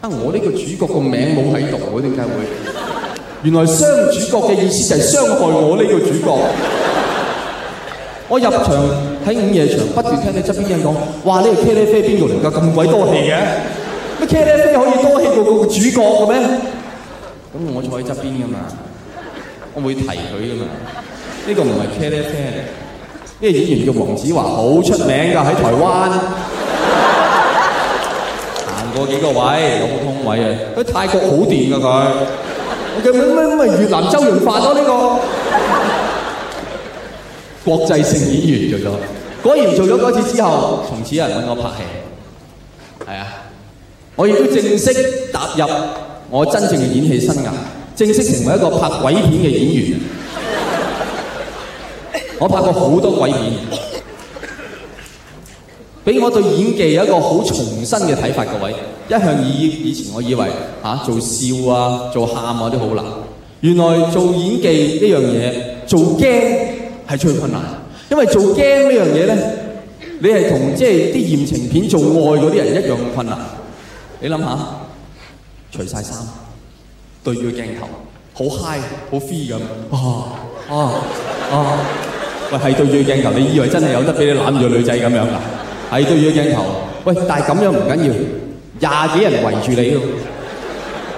啊，我呢個主角個名冇喺度，點解會？原來雙主角嘅意思就係傷害我呢個主角。 我入場睇 午夜場，不斷聽你側邊人講，嘩，呢個茄哩啡邊度嚟㗎？咁鬼多戲嘅乜茄哩啡可以多戲過個主角嘅咩？咁 我坐喺側邊㗎嘛，我會提佢㗎嘛。呢 個唔係茄哩啡，呢個演員叫黃子華，好出名㗎喺 台灣。 行過幾個位有冇 通位啊？佢泰國好掂㗎佢。 他 我叫咩咩？因為越南周潤發咗呢個國際性演員做咗，果然做咗嗰次之後，從此有人揾我拍戲，係啊！我亦都正式踏入我真正嘅演戲生涯，正式成為一個拍鬼片嘅演員。我拍過好多鬼片。俾我對演技有一個好重新嘅睇法，各位一向以以前我以為嚇、啊、做笑啊、做喊啊都好難，原來做演技呢樣嘢做驚係最困難，因為做驚呢樣嘢咧，你係同即係啲艷情片做愛嗰啲人一樣咁困難。你諗下，除晒衫對住個鏡頭，好嗨，好 free 咁，哇啊啊！喂，係對住鏡頭，你以為真係有得俾你攬住個女仔咁樣㗎？係對住鏡頭，喂！但係咁樣唔緊要，廿幾人圍住你喎，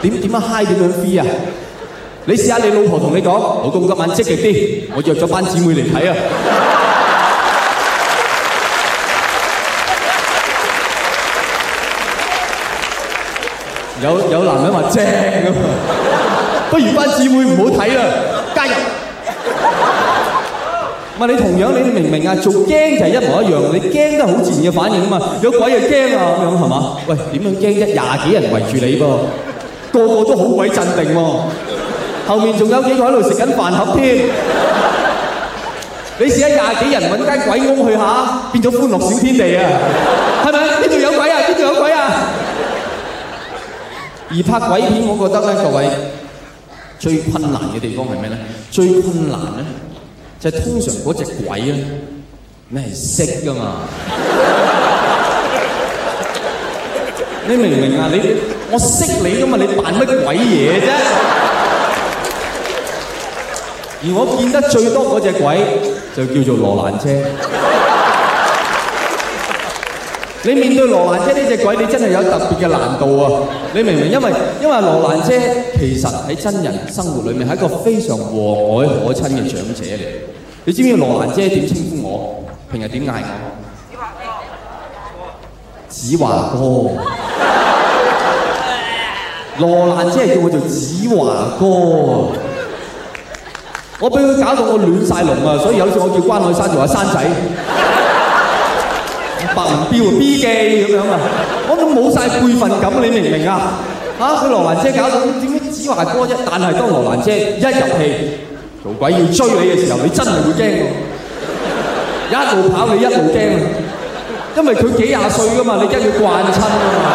點點樣 high 點樣飛啊？你試下你老婆同你講，老公今晚積極啲，我約咗班姊妹嚟睇啊！有有男人話正啊，不如班姊妹唔好睇啦，加油！唔係你同樣，你哋明唔明啊？做驚就係一模一樣，你驚得好自然嘅反應啊嘛！有鬼就驚啊，咁樣係嘛？喂，點樣驚？一廿幾人圍住你噃，個個都好鬼鎮定喎。後面仲有幾個喺度食緊飯盒添。你試下廿幾人揾間鬼屋去下，變咗歡樂小天地啊！係咪？邊度有鬼啊？邊度有鬼啊？而拍鬼片，我覺得咧，各位，最困難嘅地方係咩咧？最困難咧？就係通常嗰隻鬼咧，你係識㗎嘛？你明唔明啊？你我識你㗎嘛？你扮乜鬼嘢啫？而我見得最多嗰隻鬼就叫做羅蘭姐。你面對羅蘭姐呢隻鬼，你真係有特別嘅難度啊！你明唔明？因為因為羅蘭姐其實喺真人生活裏面係一個非常和藹可親嘅長者嚟。你知唔知羅蘭姐點稱呼我？平日點嗌我？子華哥，子華哥。 羅蘭姐係叫我做子華哥， 我俾佢搞到我亂晒龍啊！所以有次我叫關海山做「阿山仔」。白雲標 B 記咁樣啊！我都冇晒輩份感，你明唔明啊？嚇，佢羅蘭姐搞到點點只子話歌啫？但係當羅蘭姐一入戲，做鬼要追你嘅時候，你真係會驚喎！一路跑你一路驚啊，因為佢幾廿歲噶嘛，你梗係要慣親啊嘛。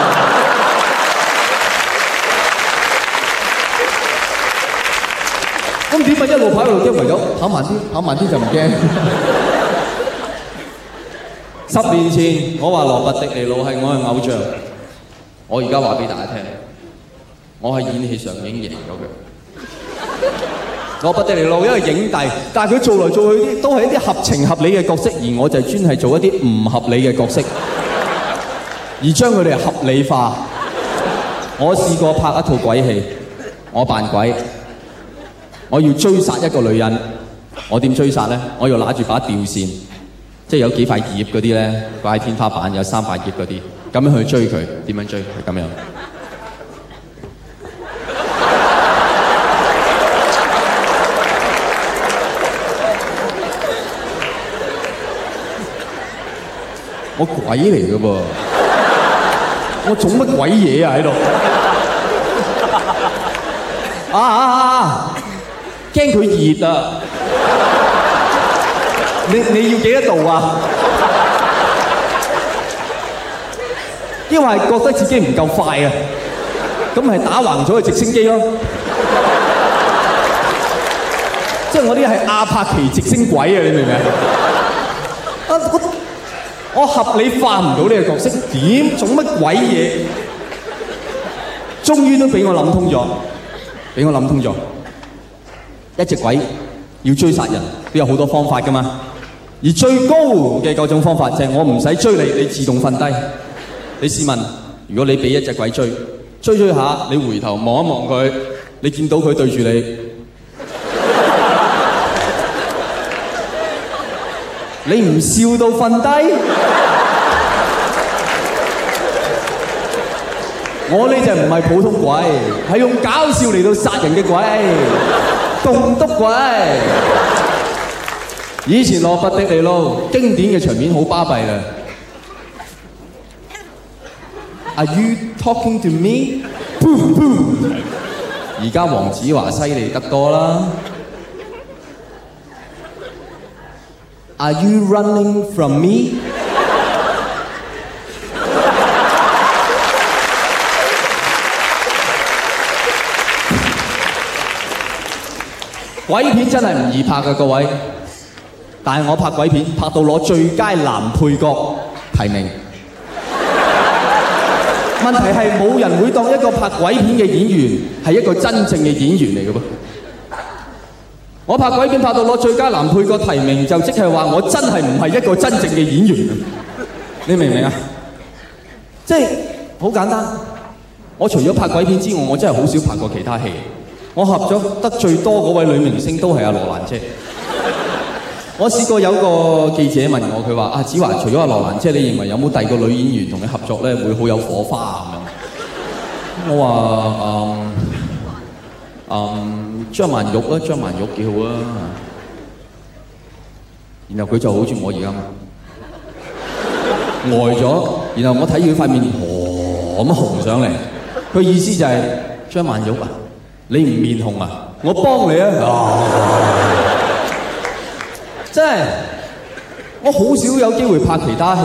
咁點解一路跑一路驚？唯 有跑慢啲，跑慢啲就唔驚。 十年前我話羅拔迪尼路係我嘅偶像，我而家話俾大家聽，我係演戲上已經贏咗佢。羅 拔迪尼路一個影帝，但係佢做嚟做去啲都係一啲合情合理嘅角色，而我就專係做一啲唔合理嘅角色， 而將佢哋合理化。我試過拍一套鬼戲，我扮鬼，我要追殺一個女人，我點追殺咧？我要揦住把吊扇。即係有幾塊葉嗰啲咧掛喺天花板，有三塊葉嗰啲，咁樣去追佢，點樣追？係咁樣。我鬼嚟嘅噃，我做乜鬼嘢啊喺度？啊啊啊！驚佢熱啊！你你要幾多度啊？因為覺得自己唔夠快啊，咁係打橫咗嘅直升機咯，啊。 即係我啲係阿帕奇直升鬼啊！你明唔明？啊我，我，我合理化唔到呢個角色，點做乜鬼嘢？終於都俾我諗通咗，俾我諗通咗。一隻鬼要追殺人都有好多方法噶嘛。而最高嘅九種方法就係我唔使追你，你自動瞓低。你試問，如果你俾一隻鬼追，追追下，你回頭望一望佢，你見到佢對住你，你唔笑到瞓低？我呢隻唔係普通鬼，係用搞笑嚟到殺人嘅鬼，棟篤鬼。以前羅拔迪尼路，經典嘅場面好巴閉啦。Are you talking to me？而家黃子華犀利得多啦。Are you running from me？鬼片真係唔易拍㗎，各位。但係我拍鬼片拍到攞最佳男配角提名 ，問題係冇人會當一個拍鬼片嘅演員係一個真正嘅演員嚟嘅噃。我拍鬼片拍到攞最佳男配角提名就即係話我真係唔係一個真正嘅演員，你明唔明啊？即係好簡單，我除咗拍鬼片之外，我真係好少拍過其他戲。我合咗得最多嗰位女明星都係阿羅蘭姐。我試過有個記者問我，佢話：阿、啊、子華，除咗阿羅蘭姐，即係你認為有冇第二個女演員同你合作咧，會好有火花啊？咁我話：嗯嗯，張曼玉啊，張曼玉幾好啊。然後佢就好似我而家，呆咗。然後我睇住佢塊面紅咁紅上嚟，佢意思就係、是、張曼玉啊，你唔面紅啊？我幫你啊！啊啊。即係我好少有機會拍其他戲，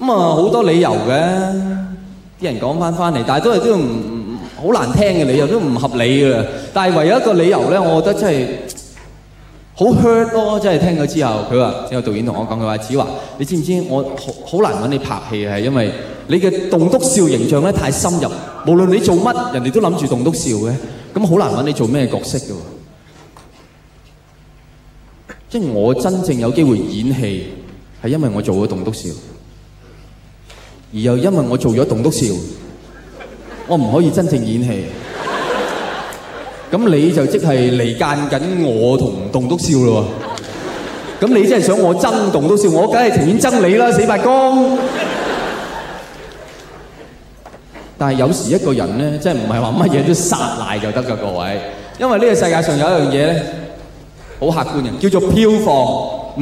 咁啊好多理由嘅，啲人講翻翻嚟，但係都係都唔唔好難聽嘅理由，都唔合理嘅。但係唯有一個理由咧，我覺得真係好 hurt 咯，真係聽咗之後，佢話有個導演同我講，佢話子華，你知唔知我好難揾你拍戲係因為你嘅棟篤笑形象咧太深入，無論你做乜，人哋都諗住棟篤笑嘅，咁好難揾你做咩角色嘅。即係我真正有機會演戲，係因為我做咗棟篤笑，而又因為我做咗棟篤笑，我唔可以真正演戲。咁你就即係離間緊我同棟篤笑咯。咁你真係想我憎棟篤笑，我梗係情願憎你啦，死八公！但係有時一個人咧，真係唔係話乜嘢都撒賴就得嘅，各位，因為呢個世界上有一樣嘢咧。好客觀嘅，叫做票房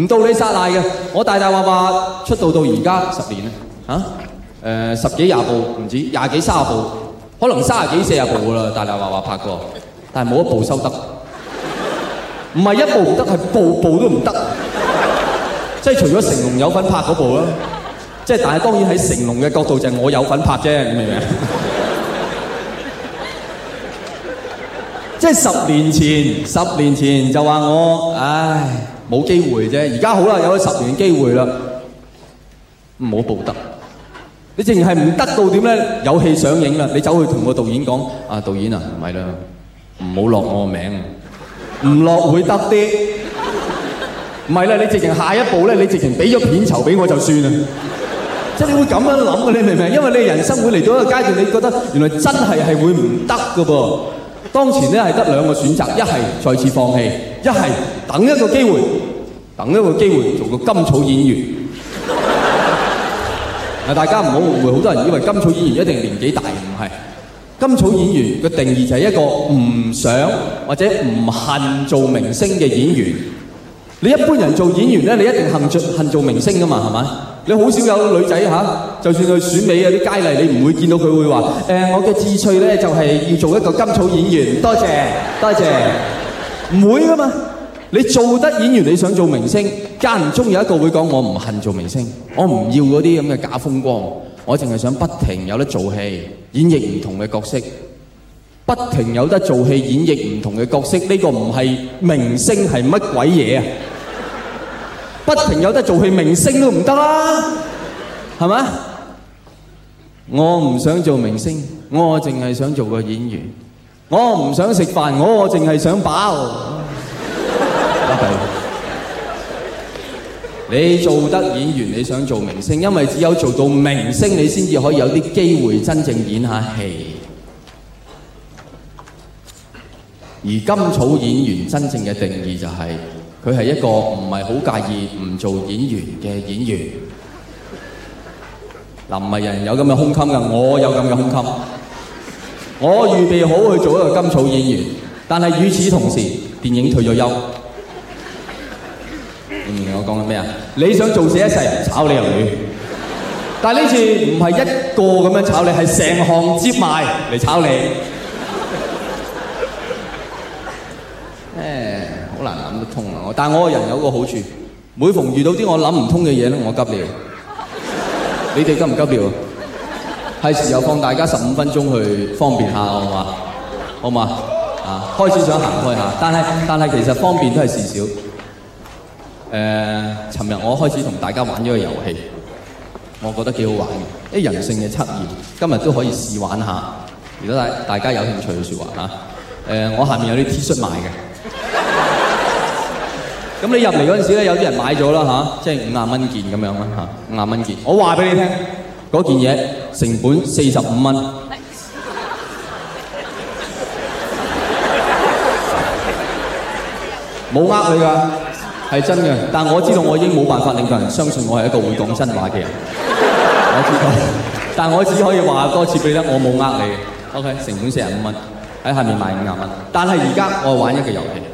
唔到你殺賴嘅。我大大話話出道到而家十年啦，嚇、啊呃、十幾廿部唔知廿幾卅部，可能卅幾四十部嘅啦，大大話話話拍過，但係冇一部收得，唔係一部唔得，係部部都唔得，即 係除咗成龍有份拍嗰部啦，即係但係當然喺成龍嘅角度就係我有份拍啫，你明唔明？即係十年前，十年前就話我，唉，冇機會啫。而家好啦，有咗十年機會啦，唔好報得。你淨係唔得到點咧？有戲上映啦，你走去同個導演講，啊，導演啊，唔係啦，唔好落我名，唔落會得啲。唔係啦，你直情下一步咧，你直情俾咗片酬俾我就算啦。即係你會咁樣諗嘅，你明唔明？因為你人生會嚟到一個階段，你覺得原來真係係會唔得㗎噃。當前咧係得兩個選擇，一係再次放棄，一係等一個機會，等一個機會做個甘草演員。嗱， 大家唔好誤會，好多人以為甘草演員一定年紀大，唔係。甘草演員嘅定義就係一個唔想或者唔恨做明星嘅演員。你一般人做演員咧，你一定恨做恨做明星噶嘛，係咪？你好少有女仔吓，就算去選美啊啲佳麗，你唔會見到佢會話誒，我嘅志趣咧就係要做一個甘草演員，多謝多謝，唔會㗎嘛。你做得演員，你想做明星，間唔中有一個會講我唔恨做明星，我唔要嗰啲咁嘅假風光，我淨係想不停有得做戲，演繹唔同嘅角色，不停有得做戲，演繹唔同嘅角色，呢個唔係明星係乜鬼嘢啊！不停有得做戲，明星都唔得啦，係咪啊？我唔想做明星，我淨係想做個演員。我唔想食飯，我淨係想飽。你做得演員，你想做明星，因為只有做到明星，你先至可以有啲機會真正演下戲。而甘草演員真正嘅定義就係。佢係一個唔係好介意唔做演員嘅演員。嗱，唔係人有咁嘅胸襟㗎，我有咁嘅胸襟。我預備好去做一個甘草演員，但係與此同時，電影退咗休。嗯，我講緊咩啊？你想做死一世，炒你魷魚。但係呢次唔係一個咁樣炒你，係成行接埋嚟炒你。誒。難諗得通啦！我，但係我個人有個好處，每逢遇到啲我諗唔通嘅嘢咧，我急尿。 你哋急唔急尿？係 時候放大家十五分鐘去方便一下，好嘛？好嘛？啊，開始想行開一下，但係但係其實方便都係事小。誒、呃，尋日我開始同大家玩咗個遊戲，我覺得幾好玩嘅，啲人性嘅測驗，今日都可以試玩一下。如果大大家有興趣嘅說話吓，誒、呃，我下面有啲 T 恤賣嘅。咁你入嚟嗰陣時咧，有啲人買咗啦嚇，即係五十蚊件咁樣啦嚇，五十蚊件。我話俾你聽，嗰件嘢成本四十五蚊，冇 呃你㗎，係真嘅。 但我知道我已經冇辦法令到人相信我係一個會講真話嘅人。 我知道，但我只可以話多次俾你，我冇呃你。OK，成本四十五蚊喺下面賣五十蚊，但係而家我玩一個遊戲。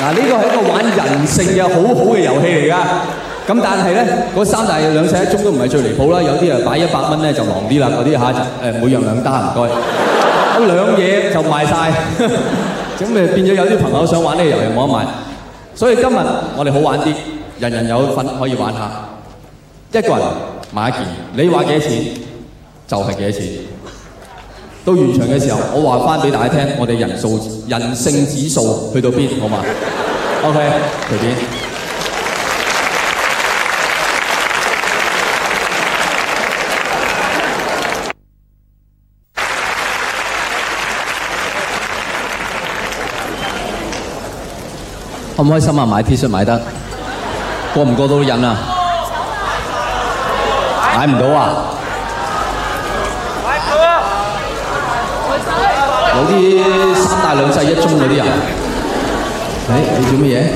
嗱、啊，呢個係一個玩人性嘅好好嘅遊戲嚟㗎，咁但係咧，嗰三大兩細一中都唔係最離譜啦，有啲啊擺一百蚊咧就狼啲啦，有啲嚇誒每樣兩單唔該，一 兩嘢就賣晒。咁 咪變咗有啲朋友想玩呢個遊戲，由人望一買，所以今日我哋好玩啲，人人有份可以玩一下，一個人買一件，你話幾多錢就係幾多錢。就是多到完場嘅時候，我話翻俾大家聽，我哋人數人性指數去到邊，好嘛？OK，隨便。開唔開心啊？買 T 恤買得過唔過到癮啊？買唔到啊！有啲三大兩細一中嗰啲人，誒，你做乜嘢？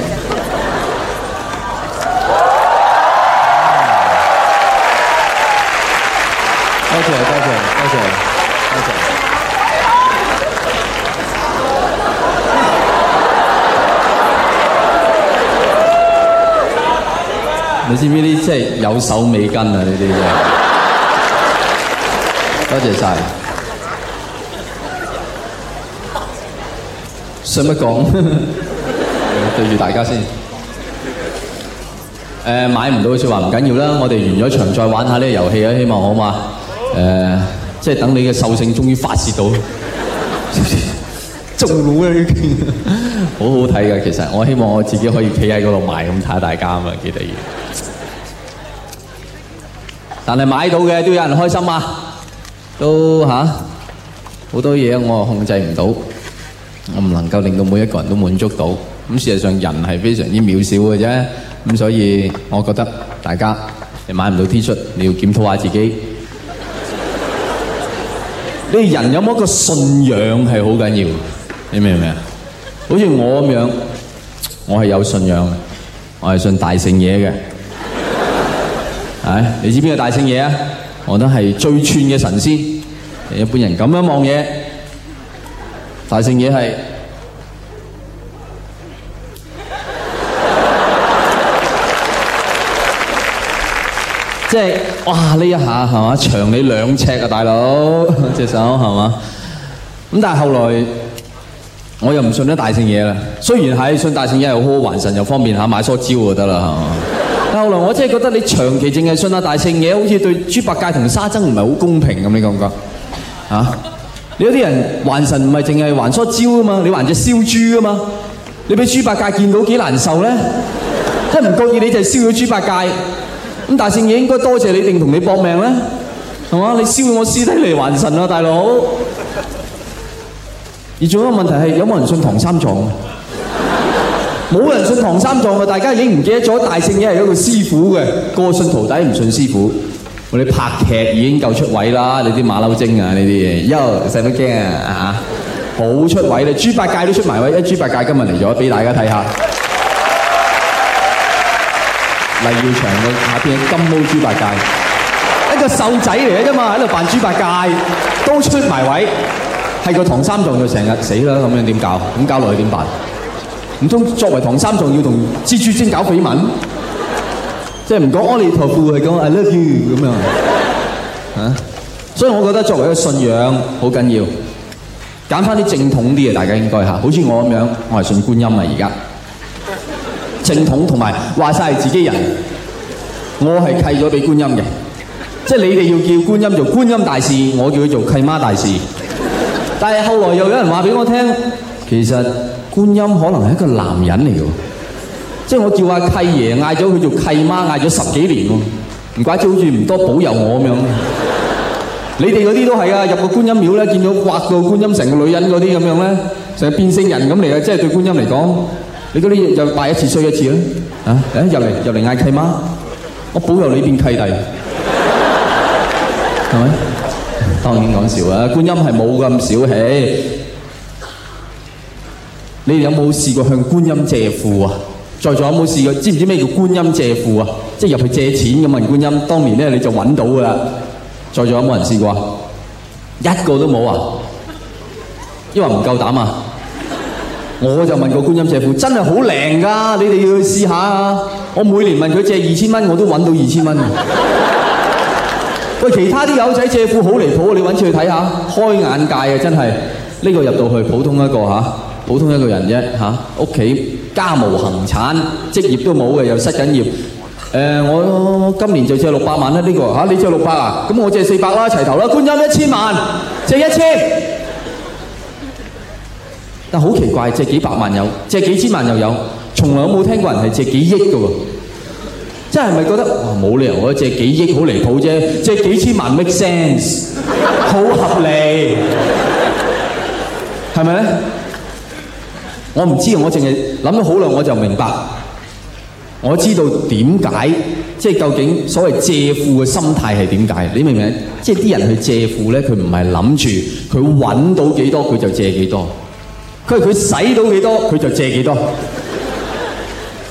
多謝多謝多謝多謝。你知唔知啲即係有手尾根啊？呢啲人，多謝晒。使乜講？ 對住大家先。誒、呃、買唔到，說話唔緊要啦。我哋完咗場，再玩下呢個遊戲啊！希望好嘛、呃？即係等你嘅獸性終於發泄到，仲路啊已經好好睇嘅。其實我希望我自己可以企喺嗰度買咁睇下大家啊嘛，幾得意。但係買到嘅都有人開心啊，都吓好、啊、多嘢我控制唔到。夠令到每一個人都滿足到，咁事實上人係非常之渺小嘅啫，咁所以我覺得大家你買唔到 T 恤，你要檢討下自己。你哋人有冇一個信仰係好緊要？你明唔明啊？好似我咁樣，我係有信仰嘅，我係信大聖嘢嘅。唉，你知邊個大聖嘢啊？我覺得係最串嘅神仙，一般人咁樣望嘢，大聖嘢係。即係哇！呢一下係嘛？長你兩尺啊，大佬隻手係嘛？咁但係後來我又唔信得大聖嘢啦。雖然係信大聖嘢又好，還神又方便嚇，買梳蕉就得啦係嘛。 但後來我真係覺得你長期淨係信啊大聖嘢，好似對豬八戒同沙僧唔係好公平咁，這個啊，你覺唔覺？你有啲人還神唔係淨係還梳蕉噶嘛？你還隻燒豬噶嘛？你俾豬八戒見到幾難受咧？真唔覺意你就係燒咗豬八戒。咁大聖爺應該多謝你定同你搏命咧，係、啊、嘛？你燒我屍體嚟還神啊，大佬！而仲有一個問題係有冇人信唐三藏？冇 人信唐三藏㗎，大家已經唔記得咗大聖爺係一個師傅嘅，個信徒弟唔信師傅。我 哋拍劇已經夠出位啦，你啲馬騮精啊呢啲嘢，又使乜驚啊嚇？好 出位啦，豬八戒都出埋位，一豬八戒今日嚟咗，俾大家睇下。黎耀祥嘅下邊金毛豬八戒， 一個瘦仔嚟啊，嘛喺度扮豬八戒都出埋位，係個唐三藏就成日死啦，咁樣點搞？咁搞落去點辦？唔通作為唐三藏要同蜘蛛精搞緋聞？即係唔講阿彌陀佛，係講 I love you 咁樣吓、 啊？所以我覺得作為一個信仰好緊要，揀翻啲正統啲嘅，大家應該吓，好似我咁樣，我係信觀音啊，而家。正統同埋話晒係自己人，我係契咗俾觀音嘅，即係你哋要叫觀音做觀音大士，我叫佢做契媽大士。但係後來又有人話俾我聽，其實觀音可能係一個男人嚟嘅，即係我叫阿契爺，嗌咗佢做契媽，嗌咗十幾年喎，唔怪之好似唔多保佑我咁樣。 你哋嗰啲都係啊，入個觀音廟咧，見到刮到觀音成個女人嗰啲咁樣咧，成日變性人咁嚟嘅，即係對觀音嚟講。你嗰啲又拜一次衰一次啦，嚇！誒，入嚟入嚟嗌契媽，我保佑你變契弟，係咪？當然講笑啦，觀音係冇咁小氣。你哋有冇試過向觀音借庫啊？在座有冇試過？知唔知咩叫觀音借庫啊？即係入去借錢咁問觀音，當年咧你就揾到噶啦。在座有冇人試過啊？一個都冇啊？因為唔夠膽啊？我就問過觀音借庫，真係好靈㗎，你哋要去試下啊！我每年問佢借二千蚊，我都揾到二千蚊。 喂，其他啲友仔借庫好離譜，你揾次去睇下，開眼界啊！真係呢、這個入到去普通一個嚇、啊，普通一個人啫嚇，屋、啊、企家，家無恒產，職業都冇嘅，又失緊業。誒、呃，我今年就借六百萬啦，呢、這個嚇、啊、你借六百啊？咁我借四百啦，一齊投啦！觀音一千萬，借一千。但好奇怪，借幾百萬有，借幾千萬又有，從來冇聽過人係借幾億㗎喎。真係咪覺得哇，冇理由我借幾億好離譜啫？借幾千萬 make sense，好 合理係咪咧？我唔知道，我淨係諗咗好耐，我就明白我知道點解，即係究竟所謂借富嘅心態係點解？你明唔明？即係啲人去借富咧，佢唔係諗住佢揾到幾多佢就借幾多。佢佢使到幾多，佢就借幾多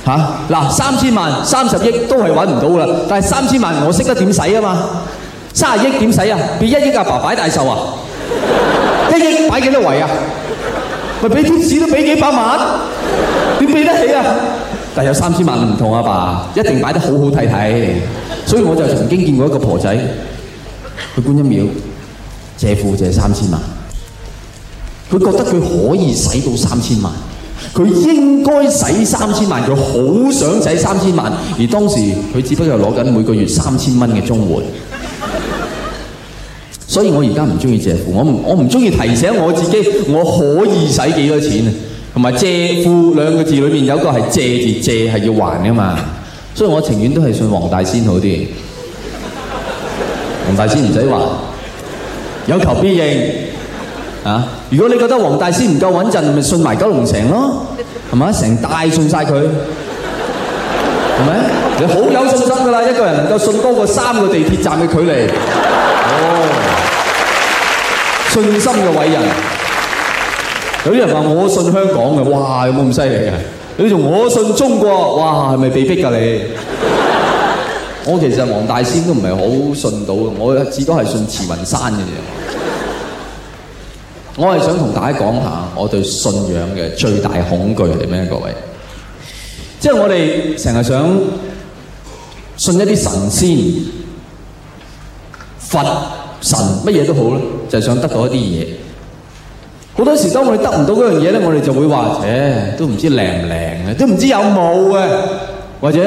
吓。嗱、啊，三千萬，三十億都係揾唔到啦。但係三千萬，我識得點使啊嘛，三十億點使啊？俾一億阿爸，爸擺大壽啊，一億擺幾多圍啊？咪俾天使都俾幾百萬，點俾得起啊？但係有三千萬唔同阿、啊、爸，爸，一定擺得好好睇睇。所以我就曾經見過一個婆仔去觀音廟借庫借三千萬。佢覺得佢可以使到三千萬，佢應該使三千萬，佢好想使三千萬，而當時佢只不過攞緊每個月三千蚊嘅綜援，所以我而家唔中意借庫，我唔我唔中意提醒我自己我可以使幾多錢啊，同埋借庫兩個字裏面有個係借字，借係要還噶嘛，所以我情願都係信黃大仙好啲，黃大仙唔使還，有求必應。啊！如果你覺得黃大仙唔夠穩陣，咪信埋九龍城咯，係 咪？成大信晒佢，係 咪？你好有信心㗎啦！一個人能夠信多過三個地鐵站嘅距離、 哦，信心嘅偉人。有啲人話我信香港嘅，哇！有冇咁犀利啊？你同我信中國，哇！係咪被逼㗎你？ 我其實黃大仙都唔係好信到，我至多係信慈雲山嘅啫。我係想同大家講下，我對信仰嘅最大恐懼係咩？各位，即係我哋成日想信一啲神仙、佛、神乜嘢都好咧，就係想得到一啲嘢。好多時當我哋得唔到嗰樣嘢咧，我哋就會話：誒，都唔知靈唔靈咧，都唔知有冇嘅。或者，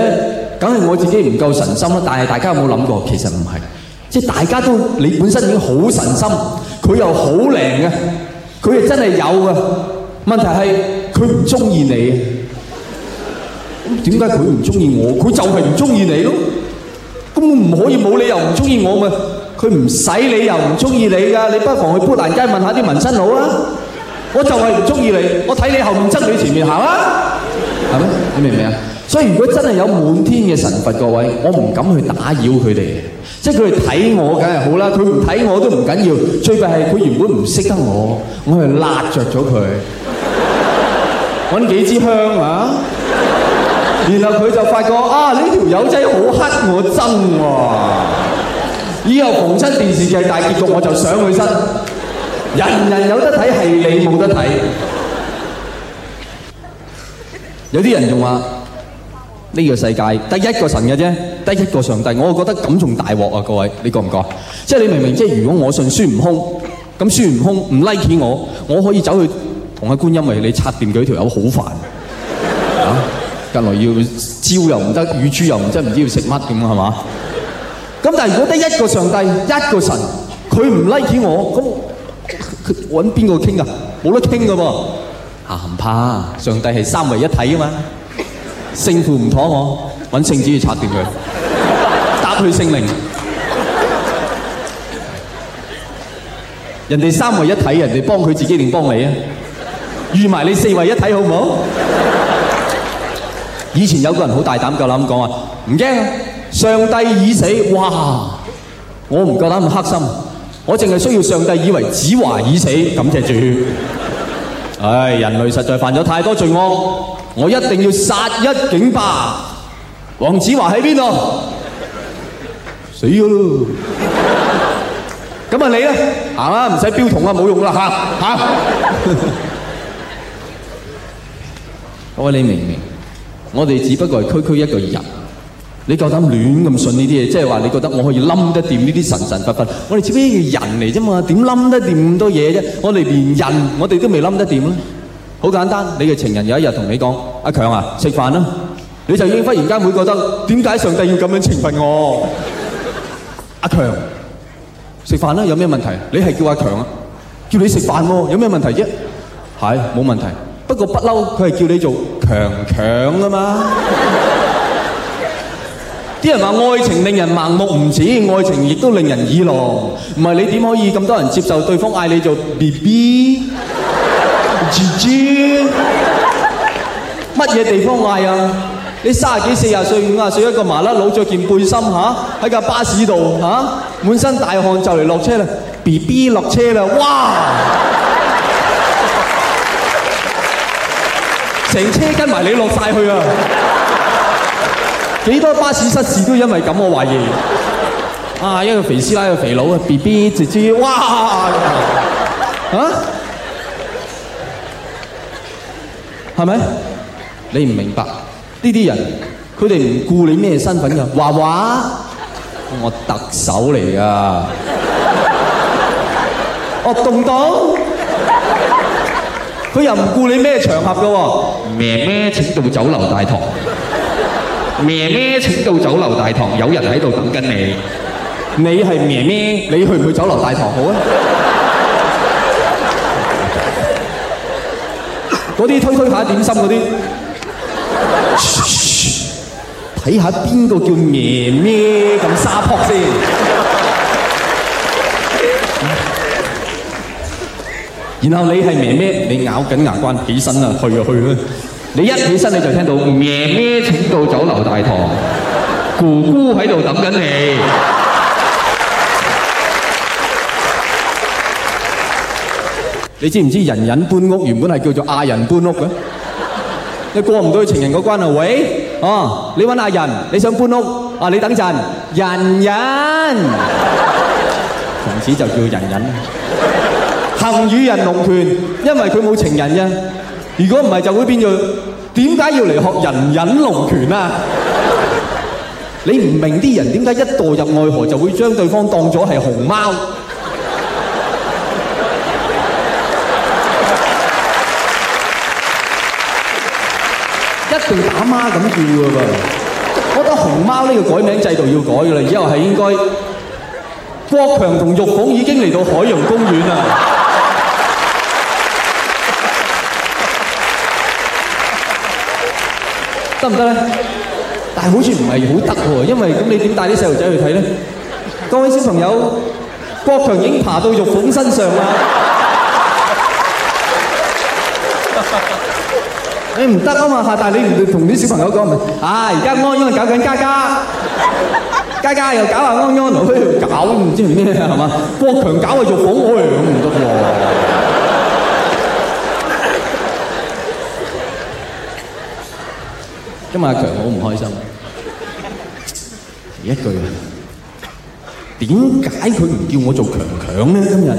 梗係我自己唔夠神心啦。但係大家有冇諗過？其實唔係，即係大家都你本身已經好神心。佢又好靚嘅，佢係真係有嘅。問題係佢唔中意你啊？點解佢唔中意我？佢就係唔中意你咯。根本唔可以冇理由唔中意我嘛？佢唔使理由唔中意你㗎，你不妨去砵蘭街問下啲紋身佬啦。我就係唔中意你，我睇你後面執，你前面行啦，係咪？你明唔明啊？所以如果真係有滿天嘅神佛，各位，我唔敢去打擾佢哋。即係佢哋睇我梗係好啦，佢唔睇我都唔緊要。最弊係佢原本唔識得我，我係揦著咗佢，揾幾支香啊！然後佢就發覺啊，呢條友仔好乞我憎喎！以後逢親電視劇大結局，我就上去身，人人有得睇，係你冇得睇。有啲人仲話。呢、這個世界得一個神嘅啫，得一個上帝，我覺得咁仲大鑊啊！各位，你覺唔覺？即係你明明即係如果我信孫悟空，咁孫悟空唔 like 我，我可以走去同阿觀音，為你插掂佢條友，好、那、煩、個、 啊！近來要招又唔得，乳豬又唔得，唔知要食乜咁啊？係嘛？咁但係如果得一個上帝，一個神，佢唔 like 我，咁揾邊個傾啊？冇得傾噶噃。嚇唔怕，上帝係三位一體啊嘛。勝負唔妥，我搵聖子去拆掉佢，搭佢聖靈。人哋三位一體，人哋幫佢自己定幫你啊？預埋你四位一體，好唔好？ 以前有個人好大膽夠膽講啊，唔驚上帝已死。哇！我唔夠膽咁黑心，我淨係需要上帝以為子華已死，感謝住，唉、哎，人類實在犯咗太多罪惡。我一定要殺一儆百。黃子華喺邊度？死咗咯！咁啊，你咧行啦，唔使標同啊，冇用啦，嚇嚇。喂，你明唔明？我哋只不過係區區一個人，你夠膽亂咁信呢啲嘢？即係話，你覺得我可以冧得掂呢啲神神佛佛？我哋只不過係人嚟啫嘛，點冧得掂咁多嘢啫？我哋連人，我哋都未冧得掂啦。好簡單，你嘅情人有一日同你講：阿強啊，食飯啦！你就已經忽然間會覺得，點解上帝要咁樣懲罰我？ 阿強，食飯啦，有咩問題？你係叫阿強啊，叫你食飯喎，有咩問題啫？係 冇問題，不過不嬲，佢係叫你做強強啊嘛。啲 人話愛情令人盲目唔止，愛情亦都令人耳狼，唔係你點可以咁多人接受對方嗌你做 B B？ 乜嘢地方嗌啊？你三十幾、四十歲、五十歲一個麻甩佬，着件背心吓，喺、啊、架巴士度吓，滿、啊、身大汗就嚟落車啦！B B 落車啦！哇！成 車跟埋你落晒去啊！幾多巴士失事都因為咁，我懷疑啊！一個肥師奶，一個肥佬啊！B B 直接哇！吓係咪？ 啊你唔明白呢啲人，佢哋唔顧你咩身份噶，話話我特首嚟噶，哦棟到，佢又唔顧你咩場合噶喎。咩咩請到酒樓大堂，咩咩請到酒樓大堂，有人喺度等緊你，你係咩咩？你去唔去酒樓大堂好啊。嗰 啲推推下點心嗰啲。睇下邊個叫咩咩咁沙撲先，然後你係咩咩，你咬緊牙關起身啦，去啊去啊。你一起身你就聽到咩咩請到酒樓大堂，姑姑喺度等緊你。你知唔知人人搬屋原本係叫做亞人搬屋嘅？你過唔到去情人嗰關啊喂！哦，你揾阿仁，你想搬屋，啊，你等陣，仁仁，從此就叫仁仁，幸與人龍拳，因為佢冇情人嘅，如果唔係，就會變做，點解要嚟學仁仁龍拳啊？你唔明啲人點解一墮入愛河就會將對方當咗係熊貓？係咁叫嘅噃，我覺得熊貓呢個改名制度要改嘅啦，以後係應該。郭強同玉鳳已經嚟到海洋公園啦，得唔得咧？但係好似唔係好得喎，因為咁你點帶啲細路仔去睇咧？ 各位小朋友，郭強已經爬到玉鳳身上啦。 你唔得啊嘛，但係你唔同啲小朋友講咪，啊而家安安搞緊嘉嘉，嘉嘉又搞下安安，同佢搞唔知做咩，哦、啊，係嘛？國強搞佢做保火羊唔得喎，今日阿強好唔開心。 第一句，點解佢唔叫我做強強咧？今日？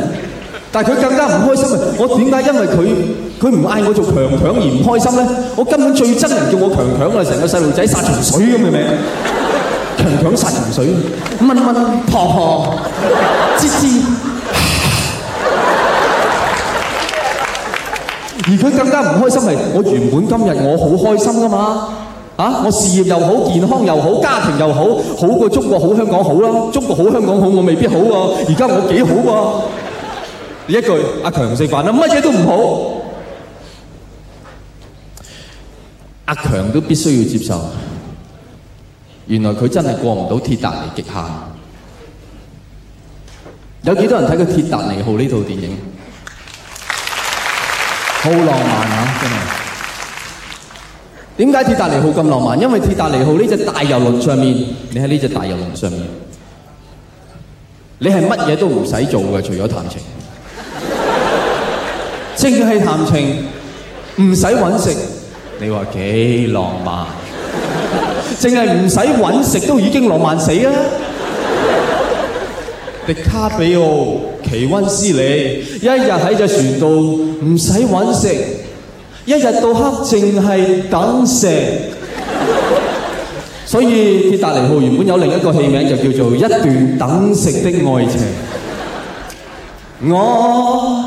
但係佢更加唔開心啊！我點解因為佢佢唔嗌我做強強而唔開心咧？我根本最憎人叫我強強啊！成個細路仔殺蟲水咁嘅咩？強強殺蟲水，問問婆婆，滋滋。而佢更加唔開心係，我原本今日我好開心㗎嘛？啊，我事業又好，健康又好，家庭又好，好過中國好，香港好啦。中國好，香港好，我未必好喎。而家我幾好喎？呢一句阿強食飯啦，乜嘢都唔好，阿強都必須要接受。原來佢真係過唔到鐵達尼極限。有幾多人睇過《鐵達尼號》呢套電影？好浪漫啊！真係。點解《鐵達尼號》咁浪漫？因為《鐵達尼號》呢隻大遊輪上面，你喺呢隻大遊輪上面，你係乜嘢都唔使做嘅，除咗談情。淨係談情，唔使搵食，你話幾浪漫？淨係唔使搵食都已經浪漫死啦！迪卡比奧、奇溫斯里，一日喺隻船度唔使搵食，一日到黑淨係等食。 所以《鐵達尼號》原本有另一個戲名就叫做《一段等食的愛情》。我。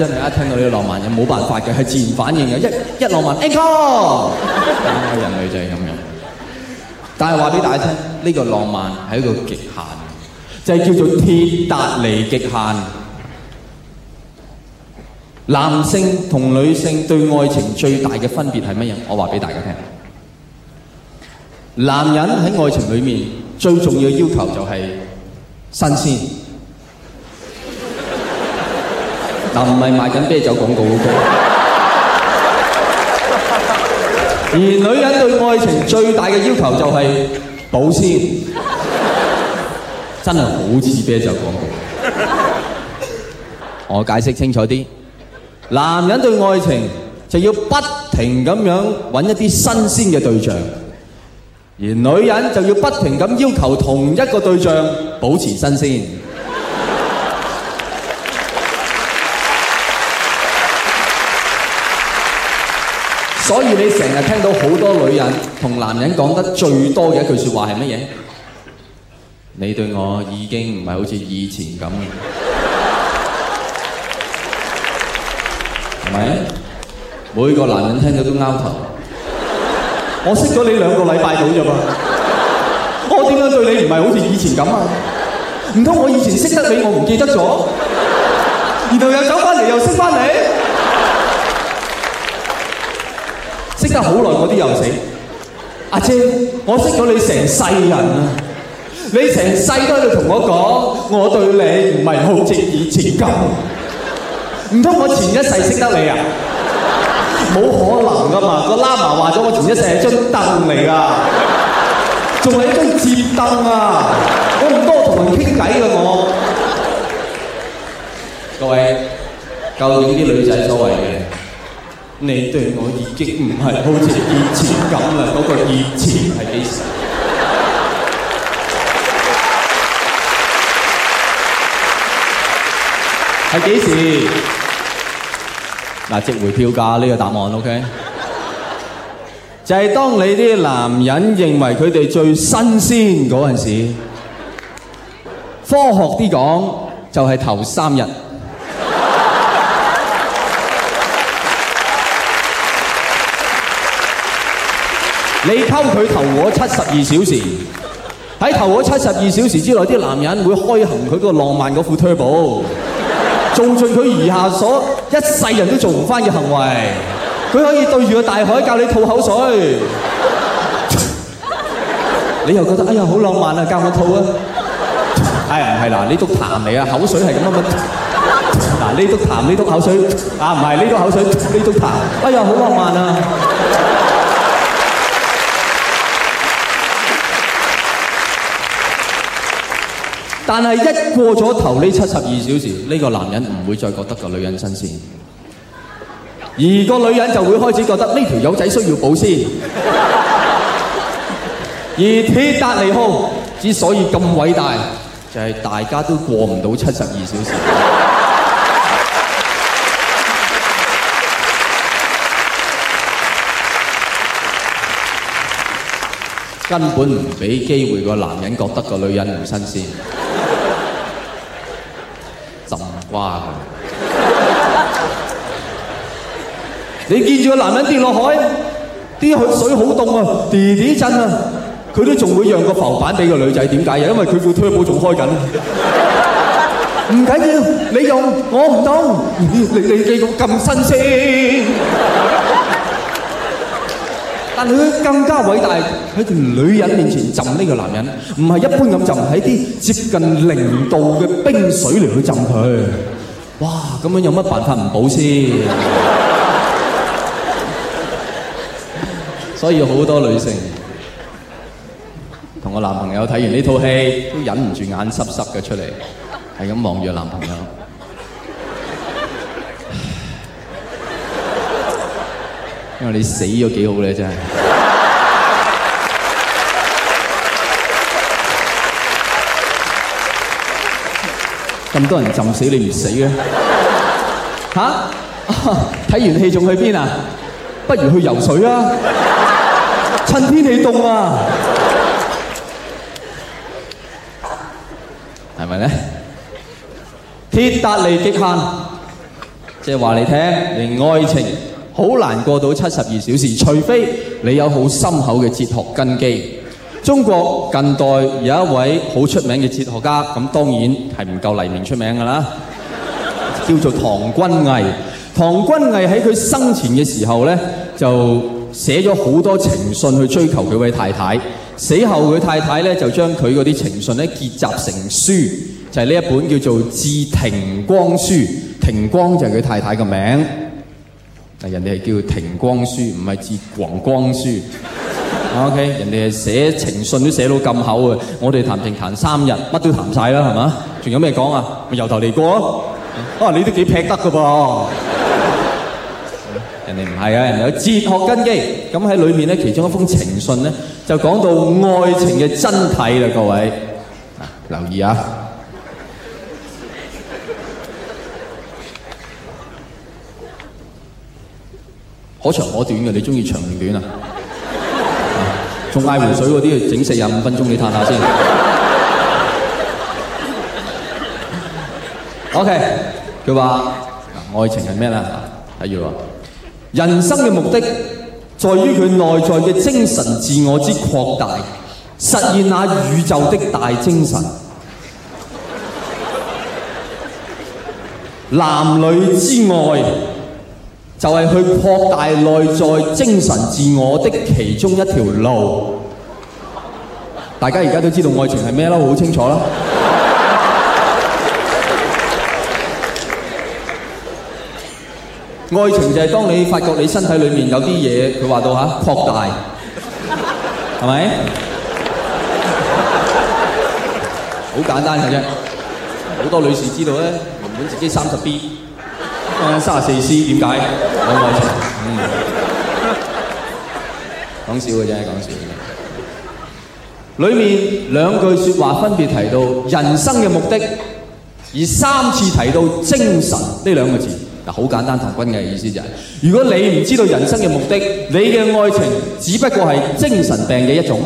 真係一聽到呢啲浪漫嘢，冇辦法嘅，係自然反應嘅。一一浪漫，Uncle，人類就係咁樣。但係話俾大家聽，呢個浪漫係一個極限，就係叫做鐵達尼極限。男性同女性對愛情最大嘅分別係乜嘢？我話俾大家聽，男人喺愛情裡面最重要要求就係新鮮。嗱，唔係賣緊啤酒廣告好多，而女人對愛情最大嘅要求就係保鮮，真係好似啤酒廣告。我解釋清楚啲，男人對愛情就要不停咁樣揾一啲新鮮嘅對象，而女人就要不停咁要求同一個對象保持新鮮。所以你成日聽到好多女人同男人講得最多嘅一句説話係乜嘢？你對我已經唔係好似以前咁，係 咪？每個男人聽到都拗頭。 我識咗你兩個禮拜到啫嘛， 我點解對你唔係好似以前咁啊？唔 通我以前識得你，我唔記得咗， 然後又走翻嚟又識翻你？真係好耐，我啲又死。阿青，我識咗你成世人啊！你成世都喺度同我講，我對你唔係好似以前咁。唔通我前一世識得你啊？冇可能噶嘛！個喇嘛話咗，我前一世係張凳嚟噶，仲係張折凳啊！我唔多同人傾偈噶我。各位，究竟啲女仔所謂嘅？你對我已經唔係好似以前咁啦，嗰個以前係幾時？係幾時？嗱，值回票價呢個答案，OK？就係當你啲男人認為佢哋最新鮮嗰陣時，科學啲講就係頭三日。你溝佢頭我七十二小時，喺頭我七十二小時之內，啲男人會開行佢嗰浪漫嗰副 turbo，做盡佢餘下所一世人都做唔翻嘅行為。佢可以對住個大海教你吐口水， 你又覺得哎呀好浪漫啊，教我吐啊。係呀，係嗱，呢督痰嚟啊，口水係咁樣嘅。嗱呢督痰呢督口水啊，唔係呢督口水呢督痰。哎呀，好浪漫啊！但係一過咗頭呢七十二小時，呢個男人唔會再覺得個女人新鮮，而個女人就會開始覺得呢條友仔需要保鮮。 而鐵達尼號之所以咁偉大，就係大家都過唔到七十二小時， 根本唔俾機會個男人覺得個女人唔新鮮。哇、wow.！你見住個男人跌落海，啲水好凍啊，地地震啊，佢都仲會讓個浮板俾個女仔，點解啊？因為佢個推保仲開緊，唔緊要，你用我唔懂，你你你咁新鮮。但佢更加偉大喺條女人面前浸呢個男人，唔係一般咁浸，喺啲接近零度嘅冰水嚟去浸佢。哇！咁樣有乜辦法唔保先？所以好多女性同我男朋友睇完呢套戲，都忍唔住眼濕濕嘅出嚟，係咁望住我男朋友。因為你死咗幾好咧，真係！咁 多人浸死你唔死嘅？嚇、 啊？睇完戲仲去邊啊？ 不如去游水啊！ 趁天氣凍啊！係咪咧？鐵達尼極限，即係話你聽，連愛情。好難過到七十二小時，除非你有好深厚嘅哲學根基。中國近代有一位好出名嘅哲學家，咁當然係唔夠黎明出名㗎啦。 叫做唐君毅。唐君毅喺佢生前嘅時候呢，就寫咗好多情信去追求佢位太太。死後佢太太呢，就將佢嗰啲情信呢結集成書，就係、是、呢一本叫做《致庭光書》，庭光就係佢太太嘅名。嗱，人哋係叫停光書，唔係哲王光書。O K，人哋係寫情信都寫到咁厚啊！我哋談情談三日，乜都談曬啦，係嘛？仲有咩講啊？咪由頭嚟過啊！你都幾劈得噶噃？人哋唔係啊，人哋有哲學根基。咁喺裏面咧，其中一封情信咧，就講到愛情嘅真諦啦，各位留意啊！可長可短嘅，你中意長定短啊？仲 嗌、啊、湖水嗰啲，整四廿五分鐘你，你嘆下先。OK，佢話：愛情係咩啦？睇住話，人生嘅目的，在於佢內在嘅精神自我之擴大，實現那宇宙的大精神。 男女之愛。就係、是、去擴大內在精神自我的其中一條路。大家而家都知道愛情係咩囉，好清楚囉。愛情就係當你發覺你身體裏面有啲嘢，佢話到吓擴大，係咪？好簡單嘅啫，好多女士知道咧，原本自己三十 B。三十四 C 點解冇愛情？講、嗯、笑嘅啫，係講笑嘅。裡面兩句說話分別提到人生嘅目的，而三次提到精神呢兩個字。嗱，好簡單，唐君毅嘅意思就係、是：如果你唔知道人生嘅目的，你嘅愛情只不過係精神病嘅一種。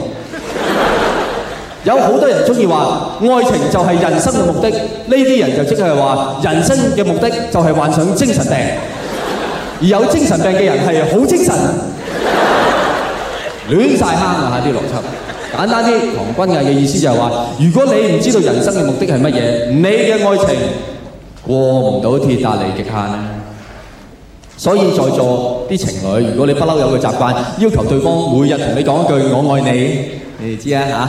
有好多人中意話愛情就係人生嘅目的，呢啲人就即係話人生嘅目的就係患上精神病，而有精神病嘅人係好精神， 亂晒坑啊！啲邏輯簡單啲，唐君毅嘅意思就係話：如果你唔知道人生嘅目的係乜嘢，你嘅愛情過唔到鐵達尼極限啊。所以在座啲情侶，如果你不嬲有個習慣要求對方每日同你講一句我愛你，你哋知啊嚇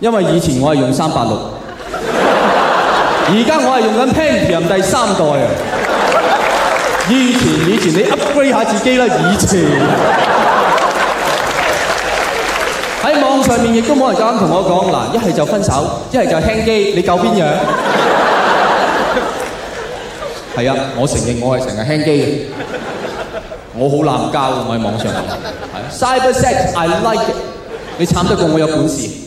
因為以前我係用三八六，而家我係用緊 Pentium 第三代啊！以前以前你 upgrade 下自己啦，以前喺網上面亦都冇人夠膽同我講嗱，一係就分手，一係就輕機，你夠邊樣？係啊，我承認我係成日輕機嘅，我好濫交嘅，我喺網上，Cybersex I like it，你慘得過我有本事。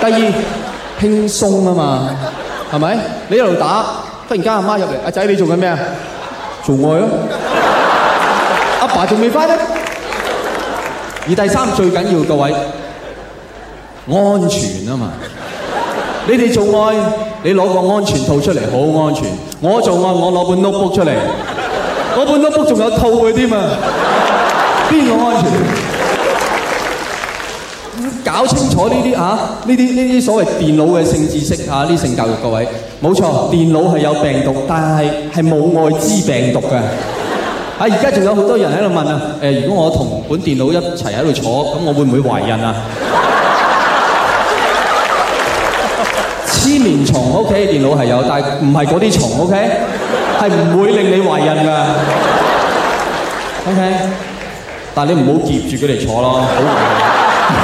第二輕鬆啊嘛，係咪？你一路打，忽然間阿媽入嚟，阿仔你做緊咩啊？做愛咯。阿爸仲未翻咧。而第三最緊要各位，安全啊嘛。你哋做愛，你攞個安全套出嚟，好安全。我做愛，我攞本 notebook 出嚟，我本 notebook 仲有套佢添啊，邊個安全？搞清楚呢啲啊，呢啲呢啲所謂電腦嘅性知識啊，呢性教育各位，冇錯，電腦係有病毒，但係係冇外資病毒嘅。啊，而家仲有好多人喺度問啊，誒，如果我同本電腦一齊喺度坐，咁我會唔會懷孕啊？千年蟲，OK，電腦係有，但係唔係嗰啲蟲，OK，係唔會令你懷孕㗎，OK。但係你唔好夾住佢嚟坐咯。好。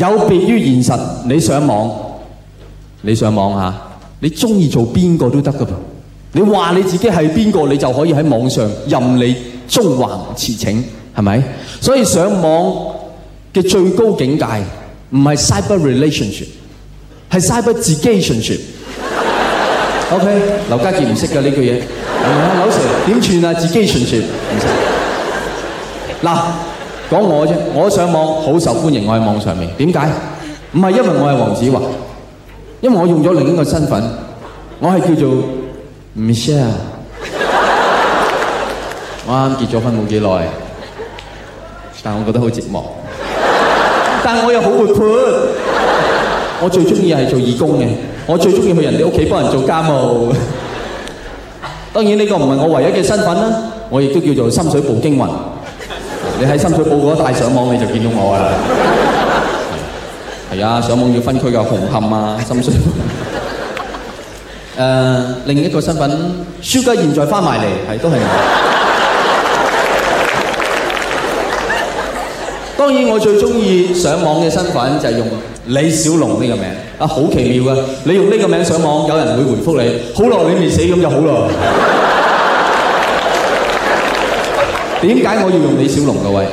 有別於現實，你上網，你上網嚇、啊，你中意做邊個都得噶噃。你話你自己係邊個，你就可以喺網上任你縱橫馳騁，係咪？所以上網嘅最高境界唔係 cyber relationship 係 cyber 自己串串。 OK，劉家傑唔識㗎呢句嘢話。劉 Sir 點串啊？自己串唔識嗱。講我啫，我上網好受歡迎，我喺網上面點解？唔係因為我係黃子華，因為我用咗另一個身份，我係叫做 Michelle。 我啱結咗婚冇幾耐，但我覺得好寂寞， 但我又好活潑。我最中意係做義工嘅，我最中意去人哋屋企幫人做家務。當然呢個唔係我唯一嘅身份啦，我亦都叫做深水埗驚雲。你喺深水埗嗰一帶上網你就見到我啦，係啊，上網要分區㗎，紅磡啊，深水埗。誒，另一個身份，Sugar 現在翻埋嚟，係都係我。當然，我最鍾意上網嘅身份就係用李小龍呢個名。啊，好奇妙啊！你用呢個名上網，有人會回覆你，好耐你未死咁就好咯。點解我要用李小龍，各位？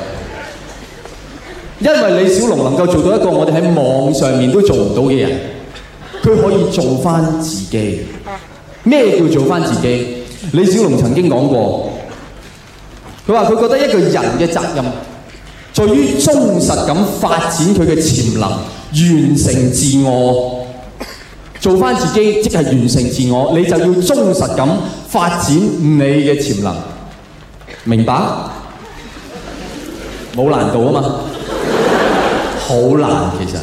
因為李小龍能夠做到一個我哋喺網上面都做唔到嘅人，佢可以做翻自己。咩叫做翻自己？李小龍曾經講過，佢話佢覺得一個人嘅責任，在於忠實咁發展佢嘅潛能，完成自我，做翻自己，即係完成自我。你就要忠實咁發展你嘅潛能。明白？冇難度啊嘛，好難其實，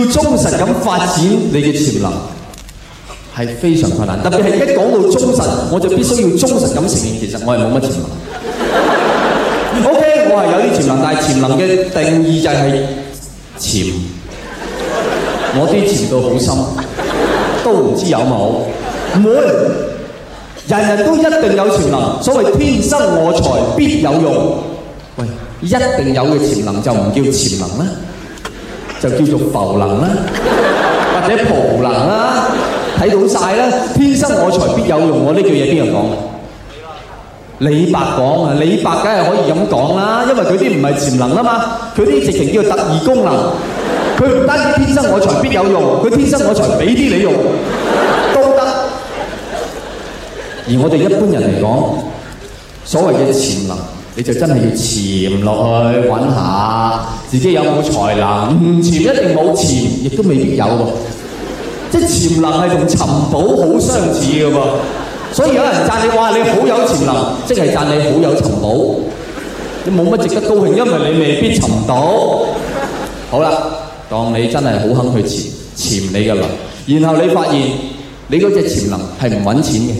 要忠實咁發展你嘅潛能係非常困難，特別係一講到忠實，我就必須要忠實咁承認，其實我係冇乜潛能。 Okay，我係有啲潛能，但係潛能嘅定義就係潛，我啲潛到好深，都唔知有冇？唔會。人人都一定有潛能，所謂天生我材必有用。喂，一定有嘅潛能就唔叫潛能啦，就叫做浮能啦，或者蒲能啦，睇到晒啦。天生我材必有用，我呢句嘢邊個講？李白講啊，李白梗係可以咁講啦，因為佢啲唔係潛能啊嘛，佢啲直情叫特異功能。佢唔單止天生我材必有用，佢天生我材俾啲你用。而我哋一般人嚟講，所謂嘅潛能，你就真係要潛落去揾下自己有冇才能。唔潛一定冇潛，亦都未必有喎。即潛能係同尋寶好相似嘅噃，所以有人讚你，話你好有潛能，即係讚你好有尋寶。你冇乜值得高興，因為你未必尋到。好啦，當你真係好肯去潛潛你嘅能，然後你發現你嗰隻潛能係唔揾錢嘅。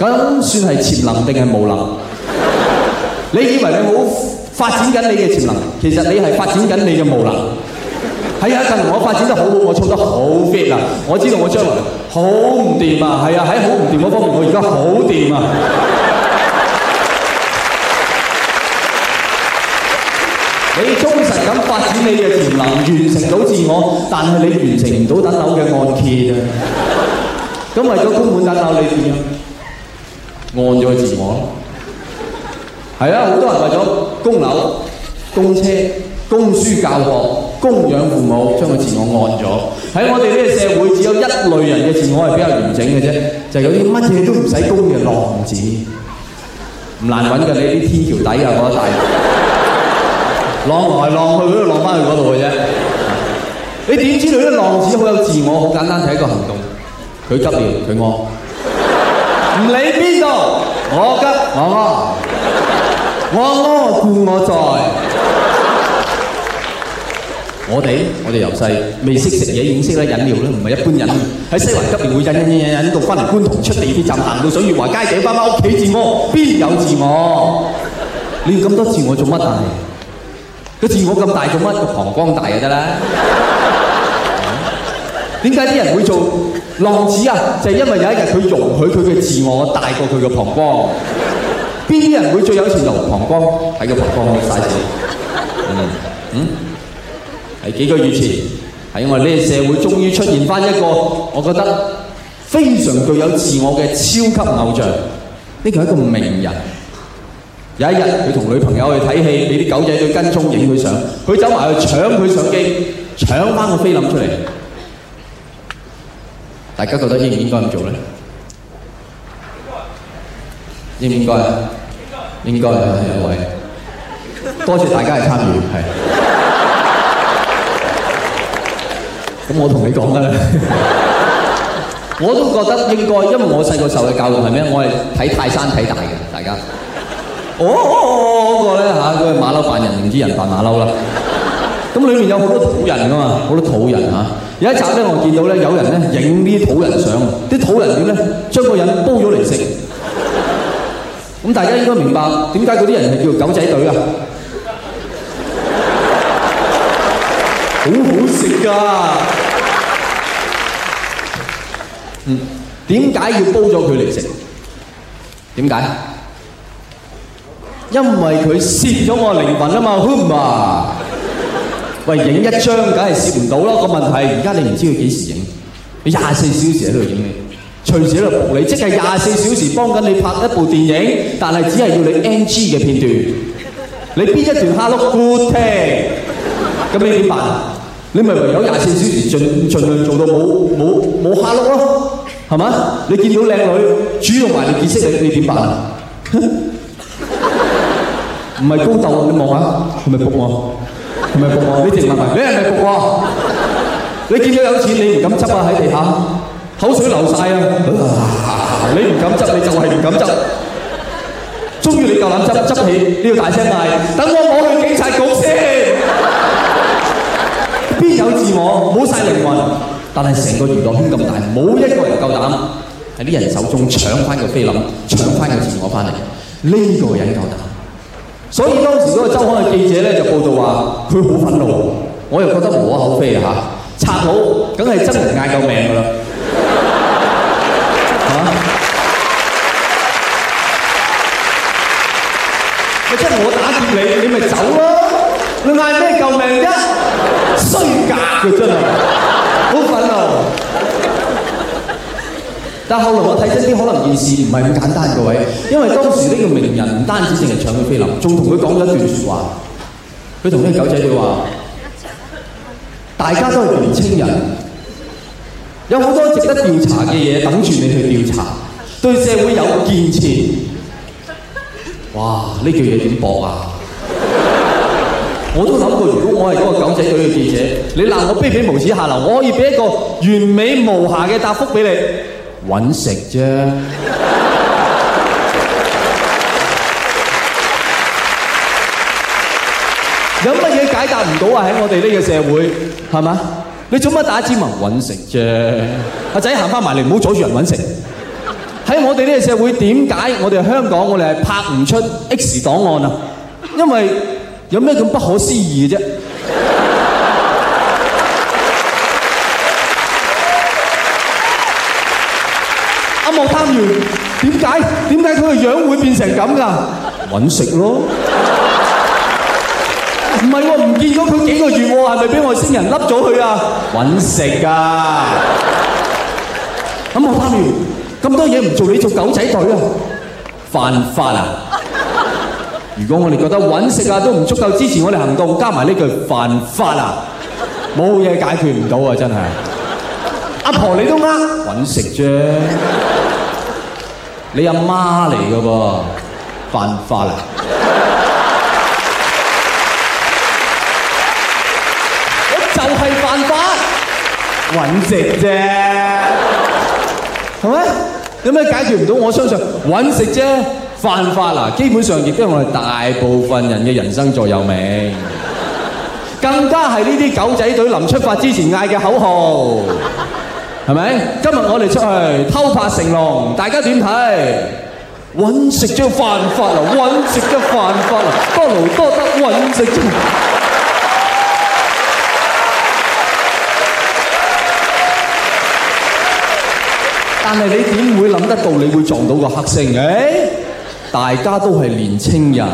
咁算係潛能定係無能？你以為你好發展緊你嘅潛能，其實你係發展緊你嘅無能。喺一陣我發展得好好，我操得好 fit 啊！我知道我將來好唔掂啊！係啊，喺好唔掂嗰方面，我而家好掂啊！你忠實咁發展你嘅潛能，完成到自我，但係你完成唔到等等嘅按揭啊！咁為咗供滿等等，你點啊？按咗個自我咯，係啊！好多人為咗供樓、供車、供書教學、供養父母，將個自我按咗。喺我哋呢個社會，只有一類人嘅自我係比較完整嘅啫，就係有啲乜嘢都唔使供嘅浪子，唔難揾㗎。你啲天橋底啊，我覺得一帶浪來浪去，佢都浪翻去嗰度嘅啫。你點知道啲浪子好有自我？好簡單，就係一個行動，佢急了，佢按，唔理邊。我急，我屙，我屙故我，我在。 我哋我哋由細未識食嘢，已唔識得飲料咧，唔係一般人，喺西環吉連匯陣飲飲飲飲到返嚟，觀塘出地鐵站行到水月華街，頂翻翻屋企自我，邊有自我？你要咁多自我做乜啊？個自我咁大做乜？個膀胱大就得啦。點解啲人會做浪子啊？就係因為有一日佢容許佢嘅自我大過佢嘅膀胱。邊啲人會最有錢膀胱？喺個膀胱晒死。嗯嗯，係幾個月前，喺我呢個社會，終於出現翻一個，我覺得非常具有自我嘅超級偶像。呢個係一個名人。有一日佢同女朋友去睇戲，俾啲狗仔去跟蹤影佢相，佢走埋去搶佢相機，搶翻個菲林出嚟。大家覺得應唔應該咁做咧？應唔應該啊？應該啊！係各位，多謝，謝大家嘅參與，係。咁 我同你講㗎啦， 我都覺得應該，因為我細個受嘅教育係咩？我係睇泰山睇大嘅，大家。哦、oh, oh, oh, oh,，嗰、啊那個咧吓！嗰個馬騮扮人，唔知人扮馬騮啦。咁裏面有好多土人㗎、啊、嘛，好多土人嚇、啊。有一集咧，我見到咧有人咧影啲土人相，啲土人點咧，將個人煲咗嚟食。咁大家應該明白，點解嗰啲人係叫狗仔隊啊？ 好好食㗎。嗯，點解要煲咗佢嚟食？點解？因為佢攝咗我靈魂啊嘛，哼嘛。喂，影一張梗係攝唔到咯，個問題而家你唔知佢幾時影，你廿四小時喺度影你，隨時喺度服你，即係廿四小時幫緊你拍一部電影，但係只係要你 NG 嘅片段，你邊一段蝦碌 good 嘅？咁你點辦？你咪唯有廿四小時盡盡量做到冇冇冇蝦碌咯，係嘛？你見到靚女，主動埋你結識你，你點辦？唔係高竇，你望下，係咪服我？唔係服過、啊，你淨係問你係咪服過、啊？你見、啊、 到有錢，你唔敢執啊！喺地下口水流晒啊！ 你唔敢執，你就係唔敢執。終 於你夠膽執執 起，你要、呢個、大聲嗌：等我我去警察局先。邊 有自我？冇晒靈魂。 但係成個娛樂圈咁大，冇一個人夠膽喺啲人手中搶翻個菲林，搶 翻個自我翻嚟。呢 個人夠膽。所以當時嗰個周刊嘅記者咧就報道話，佢好憤怒，我又覺得無可厚非吓、啊，拆好梗係真人嗌救命㗎啦，咪即係我打劫你，你咪走咯、啊，你嗌咩救命啫？衰格嘅真係，好憤怒。但後來我睇真啲可能件事唔係咁簡單各位，因為當時呢個名人唔單止淨係搶佢菲林，仲同佢講咗一段說話。佢同呢個狗仔隊話：大家都係年輕人，有好多值得調查嘅嘢等住你去調查，對社會有建設。哇！呢句嘢點搏啊？我都諗過，如果我係嗰個狗仔隊嘅記者，你鬧我卑鄙無恥，無恥下流，我可以俾一個完美無瑕嘅答覆俾你。揾食啫，有乜嘢解答唔到啊？喺我哋呢個社會，係嘛？你做乜打支文揾食啫，阿仔行翻埋嚟，唔 好阻住人揾食。喺 我哋呢個社會，點解我哋香港我哋係拍唔出 X 檔案啊？因為有咩咁不可思議嘅啫？咁我貪完，點解點解佢個樣會變成咁㗎？搵食咯！唔係喎，啊，我唔見咗佢幾個月喎，係咪俾外星人笠咗佢啊？搵食㗎！咁我貪完，咁多嘢唔做，你做狗仔隊啊？犯法啊！如果我哋覺得搵食啊都唔足夠支持我哋行動，加埋呢句犯法啊，冇嘢解決唔到啊！真係。阿婆，婆你都啱，揾食啫。你阿媽嚟噶噃，犯法啦、啊。我就係犯法，揾食啫，係咪？點解解決唔到？我相信揾食啫，犯法喇、啊，基本上亦都係我哋大部分人嘅人生座右銘， 更加係呢啲狗仔隊臨出發之前嗌嘅口號。係咪？今日我哋出去偷拍成龍，大家點睇？揾食啫犯法啦，揾食啫犯法啦，多勞多，多得，揾食啫。但係你點會諗得到你會撞到個黑星？誒，大家都係年青人，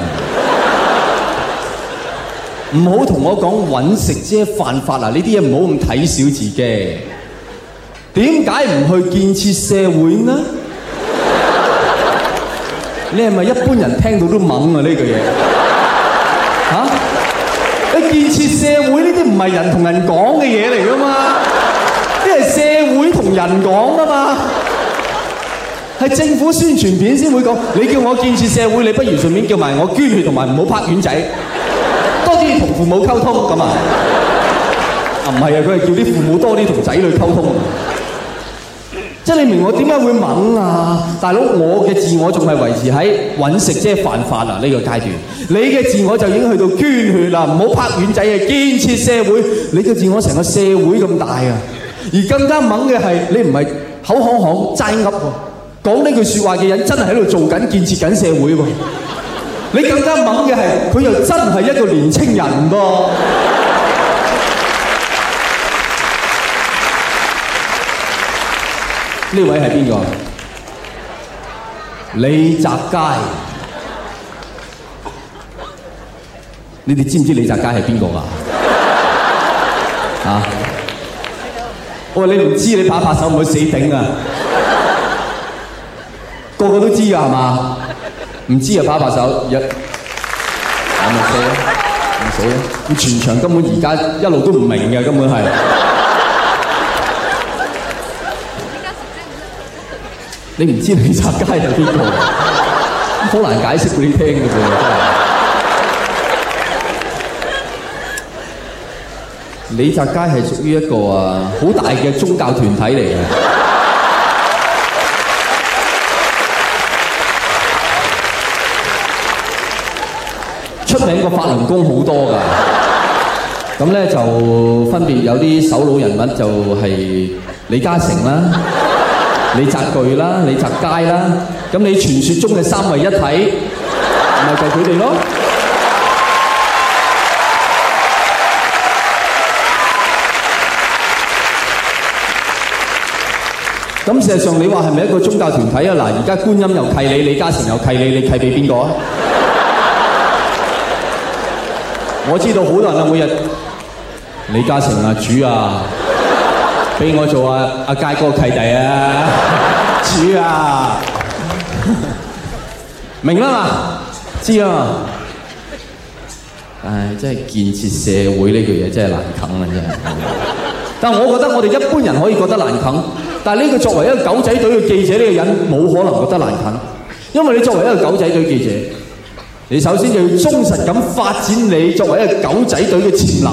唔好同我講揾食啫犯法啦！呢啲嘢唔好咁睇小自己。點解唔去建設社會呢？ 你係咪一般人聽到都懵啊呢句嘢？嚇、 啊！你建設社會呢啲唔係人同人講嘅嘢嚟㗎嘛，啲 係社會同人講㗎嘛，係政府宣傳片先會講。你叫我建設社會，你不如順便叫埋我捐血同埋唔好拍丸仔，多啲同父母溝通咁啊？啊唔係啊，佢係叫啲父母多啲同仔女溝通。即係你明我點解會猛啊，大佬！我嘅自我仲係維持喺搵食即係犯法啊呢個階段。你嘅自我就已經去到捐血啦，唔好拍丸仔啊！建設社會，你嘅自我成個社會咁大啊！而更加猛嘅係，你唔係口響響齋噏，講呢句說話嘅人真係喺度做緊建設緊社會喎。你更加猛嘅係，佢又真係一個年青人噃。呢位係邊個？李澤楷？你哋知唔知李澤楷係邊個啊，嚇！ 我話你唔知，你拍拍手唔會死頂啊！ 個個都知㗎係嘛？唔知啊，拍一拍手，有死六，唔死啊！咁全場根本而家一路都唔明嘅，根本係。你唔知李澤楷係邊個？好難解釋俾你聽㗎啫，真係。李澤楷係屬於一個啊好大嘅宗教團體嚟嘅。出名個法輪功好多㗎，咁咧就分別有啲首腦人物就係李嘉誠啦。你李澤鉅啦，你李澤楷啦，咁你傳説中嘅三位一體，唔 咪就佢哋咯。咁 事實上你話係咪一個宗教團體啊？嗱，而家觀音又契你，李嘉誠又契你，你契俾邊個啊？ 我知道好多人每日李嘉誠啊，主啊。俾我做啊，阿佳哥契弟啊，主 像啊， 明啦嘛，知啊。唉、哎，真係建設社會呢句嘢真係難啃啊！真係。真 但係我覺得我哋一般人可以覺得難啃，但係呢個作為一個狗仔隊嘅記者呢、呢個人，冇可能覺得難啃，因為你作為一個狗仔隊記者，你首先就要忠實咁發展你作為一個狗仔隊嘅潛能。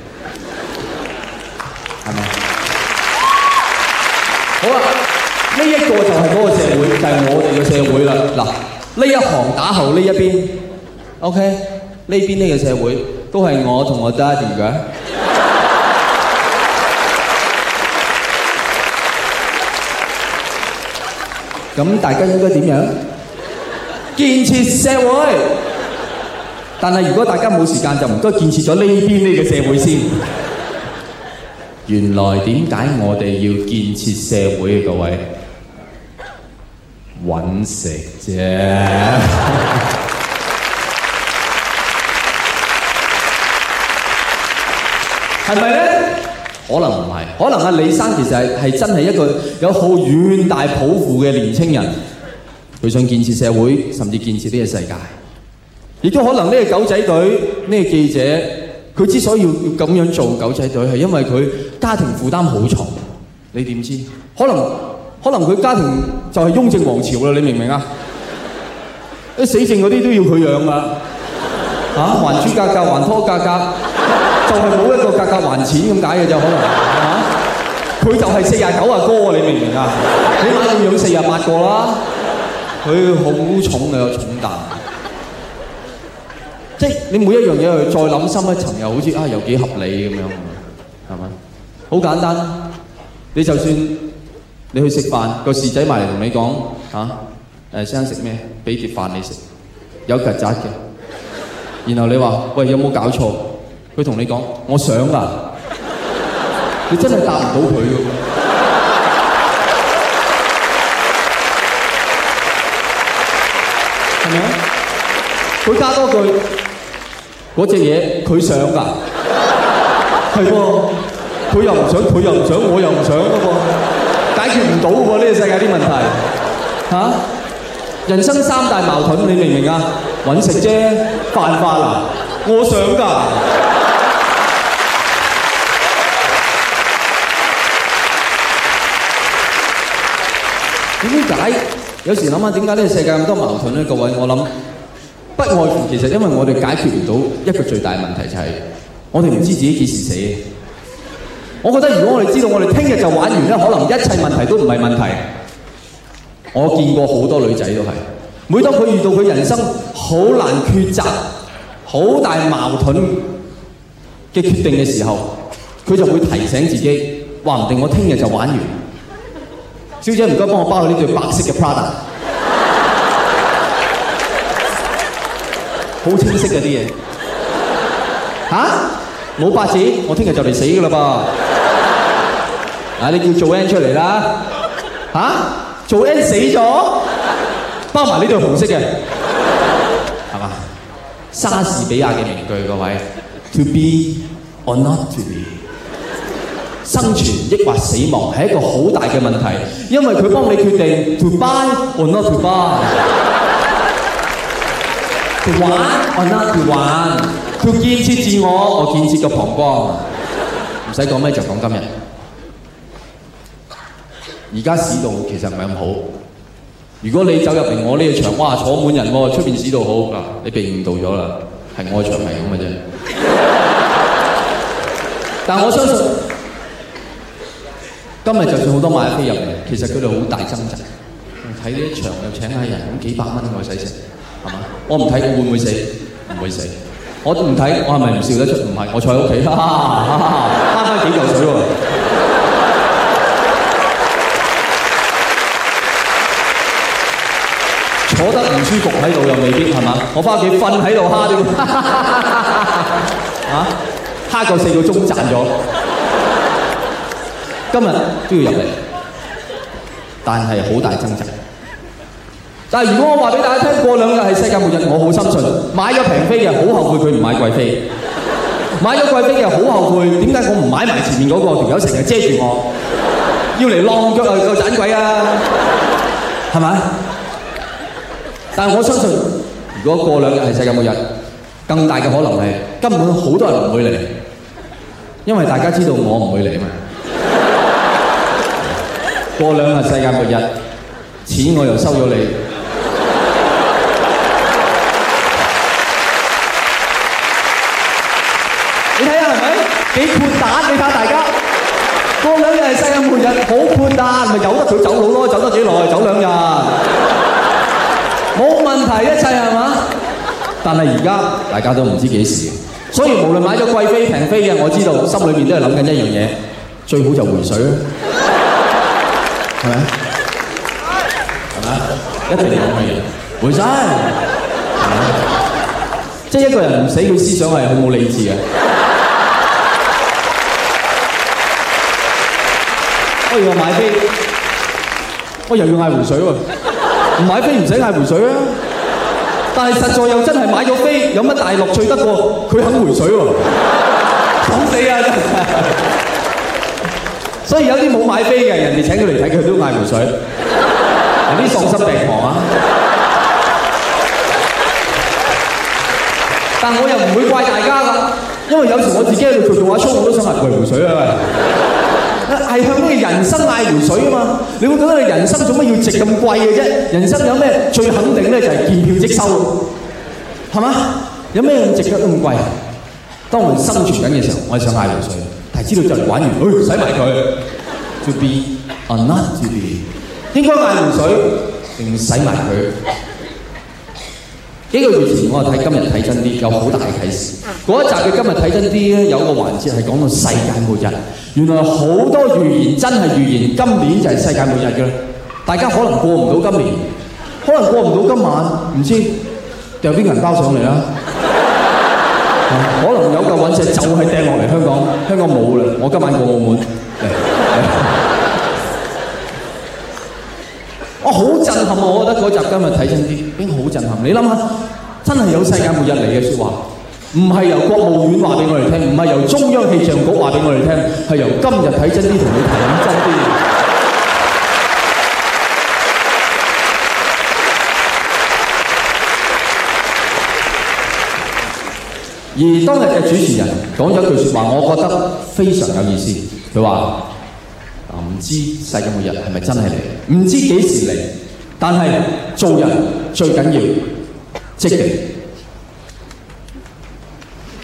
就係嗰個社會，就係我哋嘅社會啦。嗱，呢一行打後呢一邊，OK，呢邊呢個社會都係我同我爹哋嘅。咁大家應該點樣建設社會？但係如果大家冇時間，就唔該建設咗呢邊呢個社會先。原來點解我哋要建設社會啊各位？搵食啫，係咪咧？可能唔係，可能阿李生其實係係真係一個有好遠大抱負嘅年輕人，佢想建設社會，甚至建設呢個世界。亦都可能呢個狗仔隊，呢個記者，佢之所以要咁樣做狗仔隊，係因為佢家庭負擔好重。你點知？可能。可能佢家庭就係雍正王朝啦，你明唔明 啊？啲死剩嗰啲都要佢養噶，嚇還珠格格還拖格格， 就係冇一個格格還錢咁解嘅就可能佢、啊、 就係四廿九阿哥你明唔明啊？起碼要養四廿八個啦，佢 好重又有重擔， 即係你每一樣嘢去再諗深一層，又好似啊有幾合理咁樣，係咪？好 簡單，你就算。你去食飯，個侍仔埋嚟同你講嚇，誒先生食咩？俾碟飯你食，有曱甴嘅。然後你話喂有冇搞錯？佢同你講我想㗎， 你真係答唔到佢㗎，係咪啊？佢加多句嗰隻嘢佢想㗎，係 喎， 佢又唔想，佢又唔想，我又唔想嗰個 解決唔到喎，呢個世界啲問題嚇、啊！人生三大矛盾，你明唔明啊？搵食啫，犯法啦、啊，我想㗎。點 解？有時諗下點解呢個世界咁多矛盾咧？各位，我諗不外乎其實，因為我哋解決唔到一個最大的問題就係、是、我哋唔知自己幾時死。我覺得如果我哋知道我哋聽日就玩完咧，可能一切問題都唔係問題。我見過好多女仔都係，每當佢遇到佢人生好難抉擇、好大矛盾嘅決定嘅時候，佢就會提醒自己：話唔定我聽日就玩完。 小姐，唔該幫我包下呢對白色嘅 Prada，好清晰嘅啲嘢。吓？冇、 啊、八字，我聽日就嚟死噶啦噃！啊！你叫做 N 出嚟啦，嚇？做 N 死咗？包埋呢對紅色嘅，係嘛？莎士比亞嘅名句，各位，to be or not to be，生存抑或死亡係一個好大嘅問題，因為佢幫你決定 to buy or not to buy，to win or not to win。佢建設自我，我建設個膀胱，唔使講咩就講今日。而家市道其實唔係咁好。如果你走入嚟我呢個場，哇，坐滿人喎，出邊市道好嗱，你被誤導咗啦，係我場係咁嘅啫。 但我相信，今日就算好多買飛入嚟，其實佢哋好大掙扎。睇呢場又請下人，咁幾百蚊我使食，係嘛？我唔睇會唔會死？唔會死。 我唔睇我係咪唔笑得出？唔係，我坐喺屋企，哈哈哈哈哈，幾嚿水喎。坐得唔舒服喺度又未必係嘛，我翻屋企瞓喺度蝦添，啊蝦夠四個鐘賺咗，今日都要入嚟，但係好大爭執。但係如果我話俾大家聽，過兩日係世界末日，我好深信。買咗平飛嘅人好後悔，佢唔買貴飛；買咗貴飛嘅好後悔，點解我唔買埋前面嗰個，條友成日遮住我，要嚟晾腳又夠盞鬼啊，係咪？但係我相信，如果過兩日係世界末日，更大嘅可能係根本好多人唔會嚟，因為大家知道我唔會嚟嘛。過兩日世界末日，錢我又收咗你。你睇下係咪幾豁達？你睇下大家過兩日世界末日好豁達，咪由得佢走佬咯，走得幾耐走兩。大一切係嘛？但係而家大家都唔知幾時，所以無論買咗貴妃、平妃嘅，我知道心裏面都係諗緊一樣嘢，最好就回水啦，係 咪？係咪？一定咁嘅嘢， 回晒？即係、係咪、一個人唔死，佢思想係好冇理智嘅。 我又要買飛，我又要嗌回水喎，唔買飛唔使嗌回水啊。但係實在又真係買咗飛，有乜大樂趣得過佢肯回水喎？慘死啊！真係，所以有啲冇買飛嘅人哋請佢嚟睇，佢都買回水， 有啲喪心病狂啊！ 但我又唔會怪大家㗎，因為有時我自己喺度做電話操，我都想買回水啊！ 係向咩人生嗌壺水啊嘛？你會覺得你人生做乜要值咁貴嘅啫？人生有咩最肯定咧？就係見票即收，係嘛？有咩值得咁貴？當我生存緊嘅時候，我係想嗌壺水，但係知道就嚟玩完，誒，洗埋佢，to be or not to be，應該嗌壺水定洗埋佢？幾個月前我係睇今日睇真啲，有好大嘅啟示。嗰、嗯、一集嘅今日睇真啲咧，有個環節係講到世界末日，原來好多預言真係預言，今年就係世界末日嘅。大家可能過唔到今年，可能過唔到今晚，唔知掉邊個銀包上嚟啦、 啊？可能有個隕石就係掟落嚟香港，香港冇啦，我今晚過澳門。我、哦、好震撼啊！我覺得嗰集今日睇真啲，已經、嗯、好震撼。你諗下，真係有世界末日嚟嘅說話，唔係由國務院話俾我哋聽，唔係由中央氣象局話俾我哋聽，係由今日睇真啲同你睇真啲。 而當日嘅主持人講咗句說話，我覺得非常有意思。佢話。唔知世界末日係咪真係嚟？唔知幾時嚟？但係做人最緊要積極。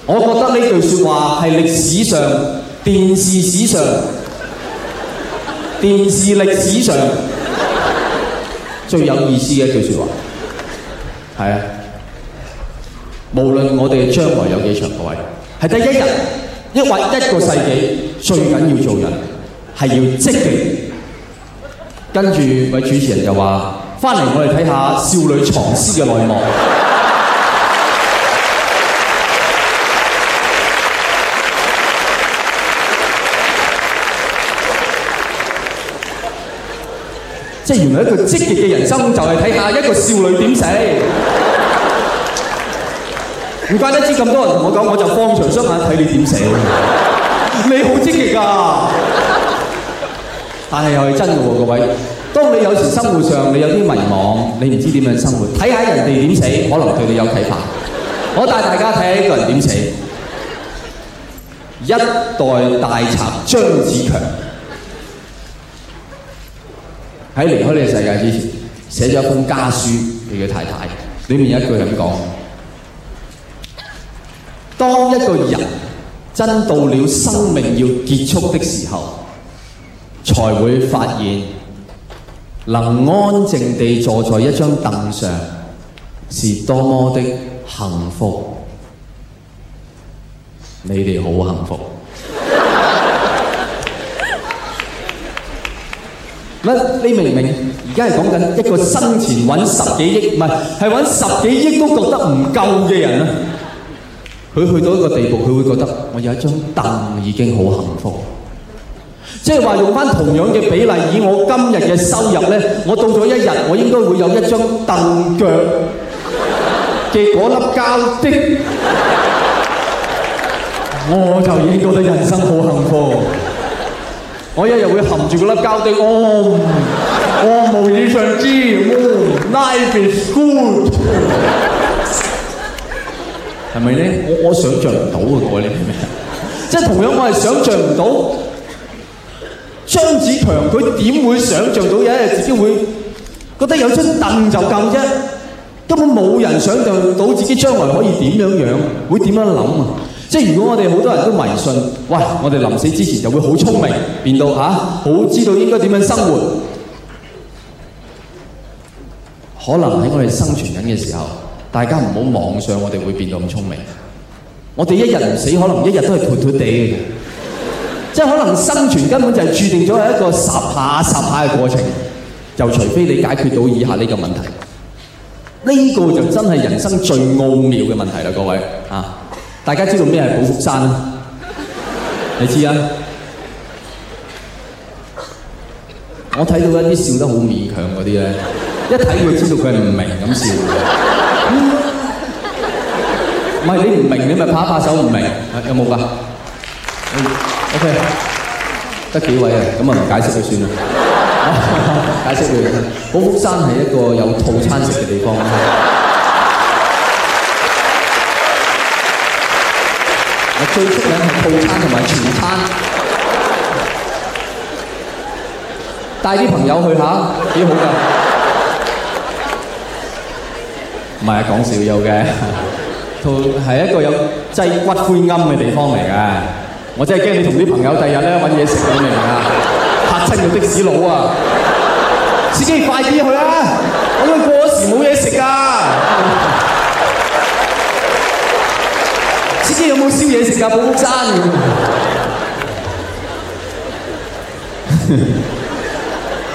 我覺得呢句説話係歷史上、電視史上、電視歷史上最有意思嘅一句説話。係啊，無論我哋將來有幾長，各位係第一日，抑或一個世紀，最緊要做人。係要積極接，跟住位主持人就話：翻嚟我哋睇下少女藏屍嘅內幕。即係 原來一個積極嘅人生就係睇下一個少女點死。唔怪得知咁多人同我講，我就放長雙眼睇你點死。你好積極㗎！但係又係真嘅喎，各位。當你有時生活上你有啲迷茫，你唔知點樣生活，睇下人哋點死，可能對你有啟發。我帶大家睇下呢個人點死。 一代大賊張子強喺離開呢個世界之前，寫咗一封家書俾佢太太，裏面有一句咁講：當一個人真到了生命要結束的時候。才會發現，能安靜地坐在一張凳上，是多麼的幸福。你哋好幸福。乜？ 你明唔明？而家係講緊一個生前搵十幾億，唔係，係搵十幾億都覺得唔夠嘅人啊！佢去到一個地步，佢會覺得我有一張凳已經好幸福。即係話用翻同樣嘅比例，以我今日嘅收入咧，我到咗一日，我應該會有一張凳腳嘅嗰粒膠釘，我就已經覺得人生好幸福。我一日會含住嗰粒膠釘，oh，我我無以償之，life is good，係咪咧？我我想像唔到啊，各位。你嘅概念，即係同樣我係想像唔到。張子強佢點會想像到有一日自己會覺得有張凳就夠啫，根本冇人想像到自己將來可以點樣樣，會點樣諗啊！即係如果我哋好多人都迷信，喂，我哋臨死之前就會好聰明，變到吓、啊，好知道應該點樣生活，可能喺我哋生存緊嘅時候，大家唔好妄想我哋會變到咁聰明。我哋一日唔死，可能一日都係頹頹哋嘅。即係可能生存根本就係注定咗係一個十下十下嘅過程，就除非你解決到以下呢個問題，呢個就真係人生最奧妙嘅問題啦，各位啊！大家知道咩係寶福山啊？你知啊？我睇到一啲笑得好勉強嗰啲咧，一睇佢知道佢係唔明咁笑，唔係你唔明，你咪拍一拍手唔明，有冇㗎？嗯。OK，得幾位啊？咁、嗯、啊，唔解釋就算啦。 解釋佢，寶福山係一個有套餐食嘅地方。我 最出名係套餐同埋全餐， 帶啲朋友去下幾好㗎。唔係啊，講笑有嘅，佢係一個有擠骨灰龕嘅地方嚟㗎。我真係驚你同啲朋友第日咧揾嘢食都明啊！嚇親個的士佬啊！司機快啲去啊！我哋過咗時冇嘢食噶！司機有冇燒嘢食㗎？冇好爭！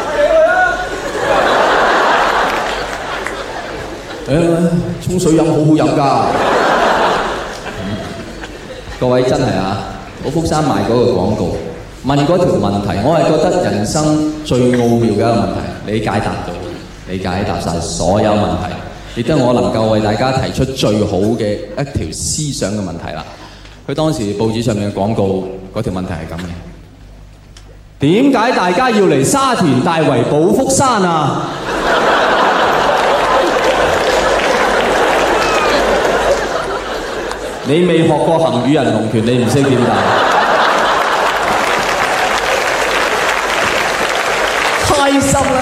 快啲去啊！誒，沖水飲好好飲㗎！各位真係啊！寶福山賣嗰個廣告，問嗰條問題，我係覺得人生最奧妙嘅一個問題，你解答到，你解答晒所有問題，亦都我能夠為大家提出最好嘅一條思想嘅問題啦。佢當時報紙上面嘅廣告嗰條問題係咁嘅：點解大家要嚟沙田大圍寶福山啊？你未學過鹹魚人龍拳，你唔識點打， 開心啦。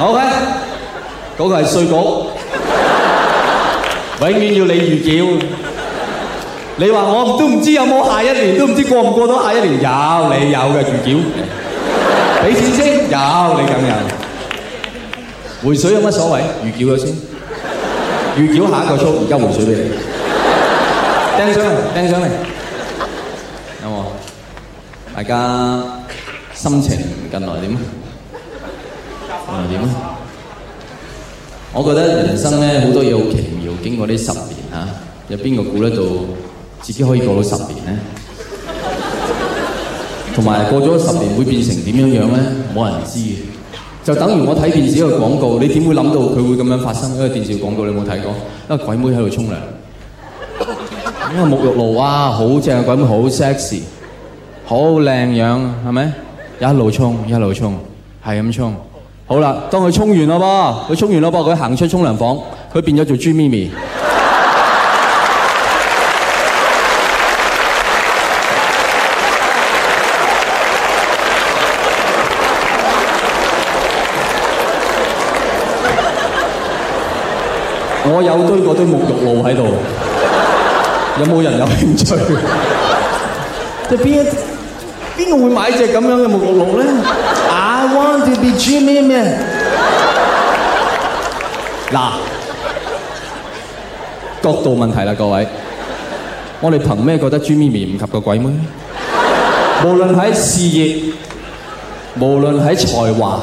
Ok，嗰個係稅局，永遠要你預繳。你話我都唔知有冇下一年，都唔知過唔過到下一年。有你有嘅預繳，俾錢先。有你咁有，回水有乜所謂？預繳咗先，預繳下一個數，而家回水俾你。掟上嚟，掟上嚟。咁啊，大家心情近來點啊？又、嗯、點我覺得人生咧好多嘢好奇妙。經過呢十年嚇、啊，有邊個估得到自己可以過到十年咧？同埋過咗十年會變成點樣樣咧？冇人知嘅。就等於我睇電視一個廣告，你點會諗到佢會咁樣發生？電視的告你沒有看過因為電視廣告你有冇睇過，一個鬼妹喺度沖涼，一 個、啊、沐浴露啊，好正，鬼妹好 sexy，好靚樣，係咪？一路沖，一路沖，係咁沖。好啦，當佢沖完咯噃，佢沖完咯噃，佢行出沖涼房，佢變咗做豬咪咪。 我有堆嗰堆沐浴露喺度，有冇人有興趣？即係邊一邊個會買隻咁樣嘅沐浴露咧？I want to be 朱咪咪。嗱，角度問題啦，各位。我哋憑咩覺得朱咪咪唔及個鬼妹咧？無論喺事業，無論喺才華，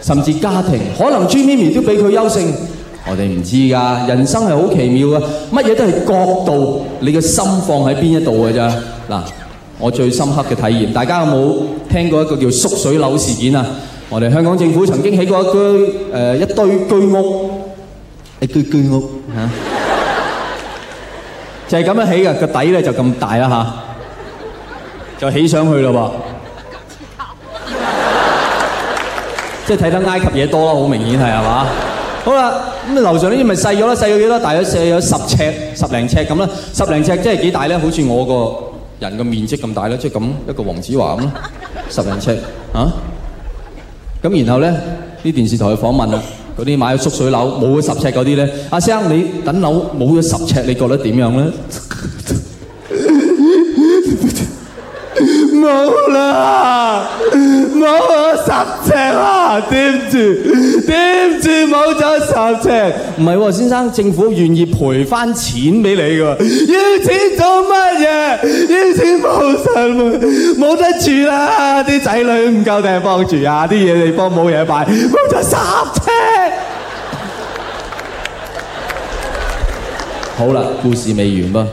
甚至家庭，可能朱咪咪都比佢優勝。我哋唔知㗎，人生係好奇妙㗎，乜嘢都係角度，你嘅心放喺邊一度㗎啫。嗱。我最深刻嘅體驗，大家有冇聽過一個叫縮水樓事件啊？我哋香港政府曾經起過一堆誒、呃、一堆居屋，一堆居屋嚇、啊 啊，就係咁樣起嘅，個底咧就咁大啦嚇，就起上去啦喎。即係睇得埃及嘢多咯，好明顯係係嘛？好啦，咁樓上呢啲咪細咗啦，細咗幾多？大約細咗十尺、十零尺咁啦，十零尺即係幾大咧？好似我個人嘅面積咁大啦，即係咁一個黃子華咁， 十零尺啊！咁然後咧，啲電視台去訪問啊，嗰啲買咗縮水樓冇咗十尺嗰啲咧，阿、啊、生你等樓冇咗十尺，你覺得點樣咧？冇啦，冇咗十尺啊！點住點住，冇咗十尺。唔係喎，先生，政府願意賠翻錢俾你㗎。要錢做乜嘢？要錢冇神㗎，冇得住啦！啲仔女唔夠埞，幫住啊！啲嘢你幫冇嘢買，冇咗十尺。 好啦，故事未完噃。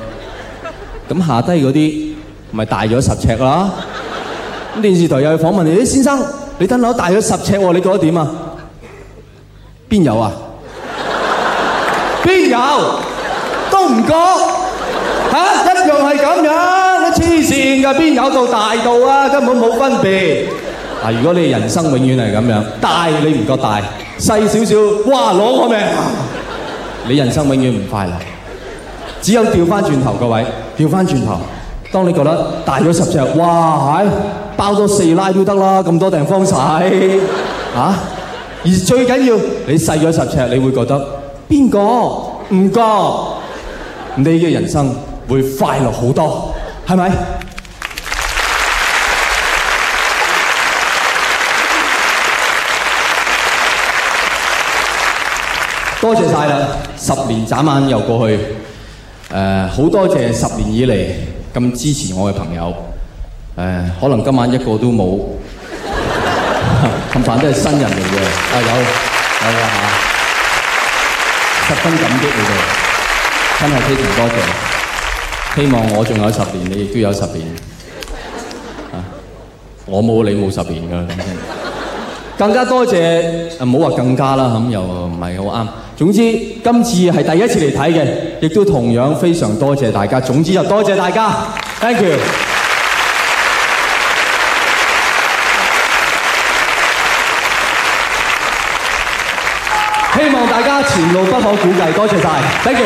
咁下低嗰啲。咪大咗十尺啦！咁電視台又去訪問你，誒先生，你層樓大咗十尺喎，你覺得點啊？邊有啊？邊有都唔覺嚇，一樣係咁樣，都黐線㗎，邊有到大到啊？根本冇分別。嗱，如果你人生永遠係咁樣，大你唔覺大，細少少，哇攞我命！你人生永遠唔快樂，只有掉翻轉頭，各位掉翻轉頭。當你覺得大咗十尺，哇包咗四奶都得啦，咁多地方使。而最緊要你細咗十尺，你會覺得邊個唔覺，你嘅人生會快樂好多，係咪？ 多謝晒啦！十年眨眼又過去，好、呃、多謝十年以嚟。咁支持我嘅朋友，誒可能今晚一個都冇，咁 凡都係新人嚟嘅，阿、 啊、有大家、啊、十分感激你哋，真係非常多謝，希望我仲有十年，你亦都有十年，啊，我冇你冇十年㗎啦， 更加多謝，唔好話更加啦，咁又唔係好啱。總之，今次係第一次嚟睇嘅，亦都同樣非常多謝大家。總之就多謝大家，thank you。 希望大家前路不可估計，多謝晒。Thank you。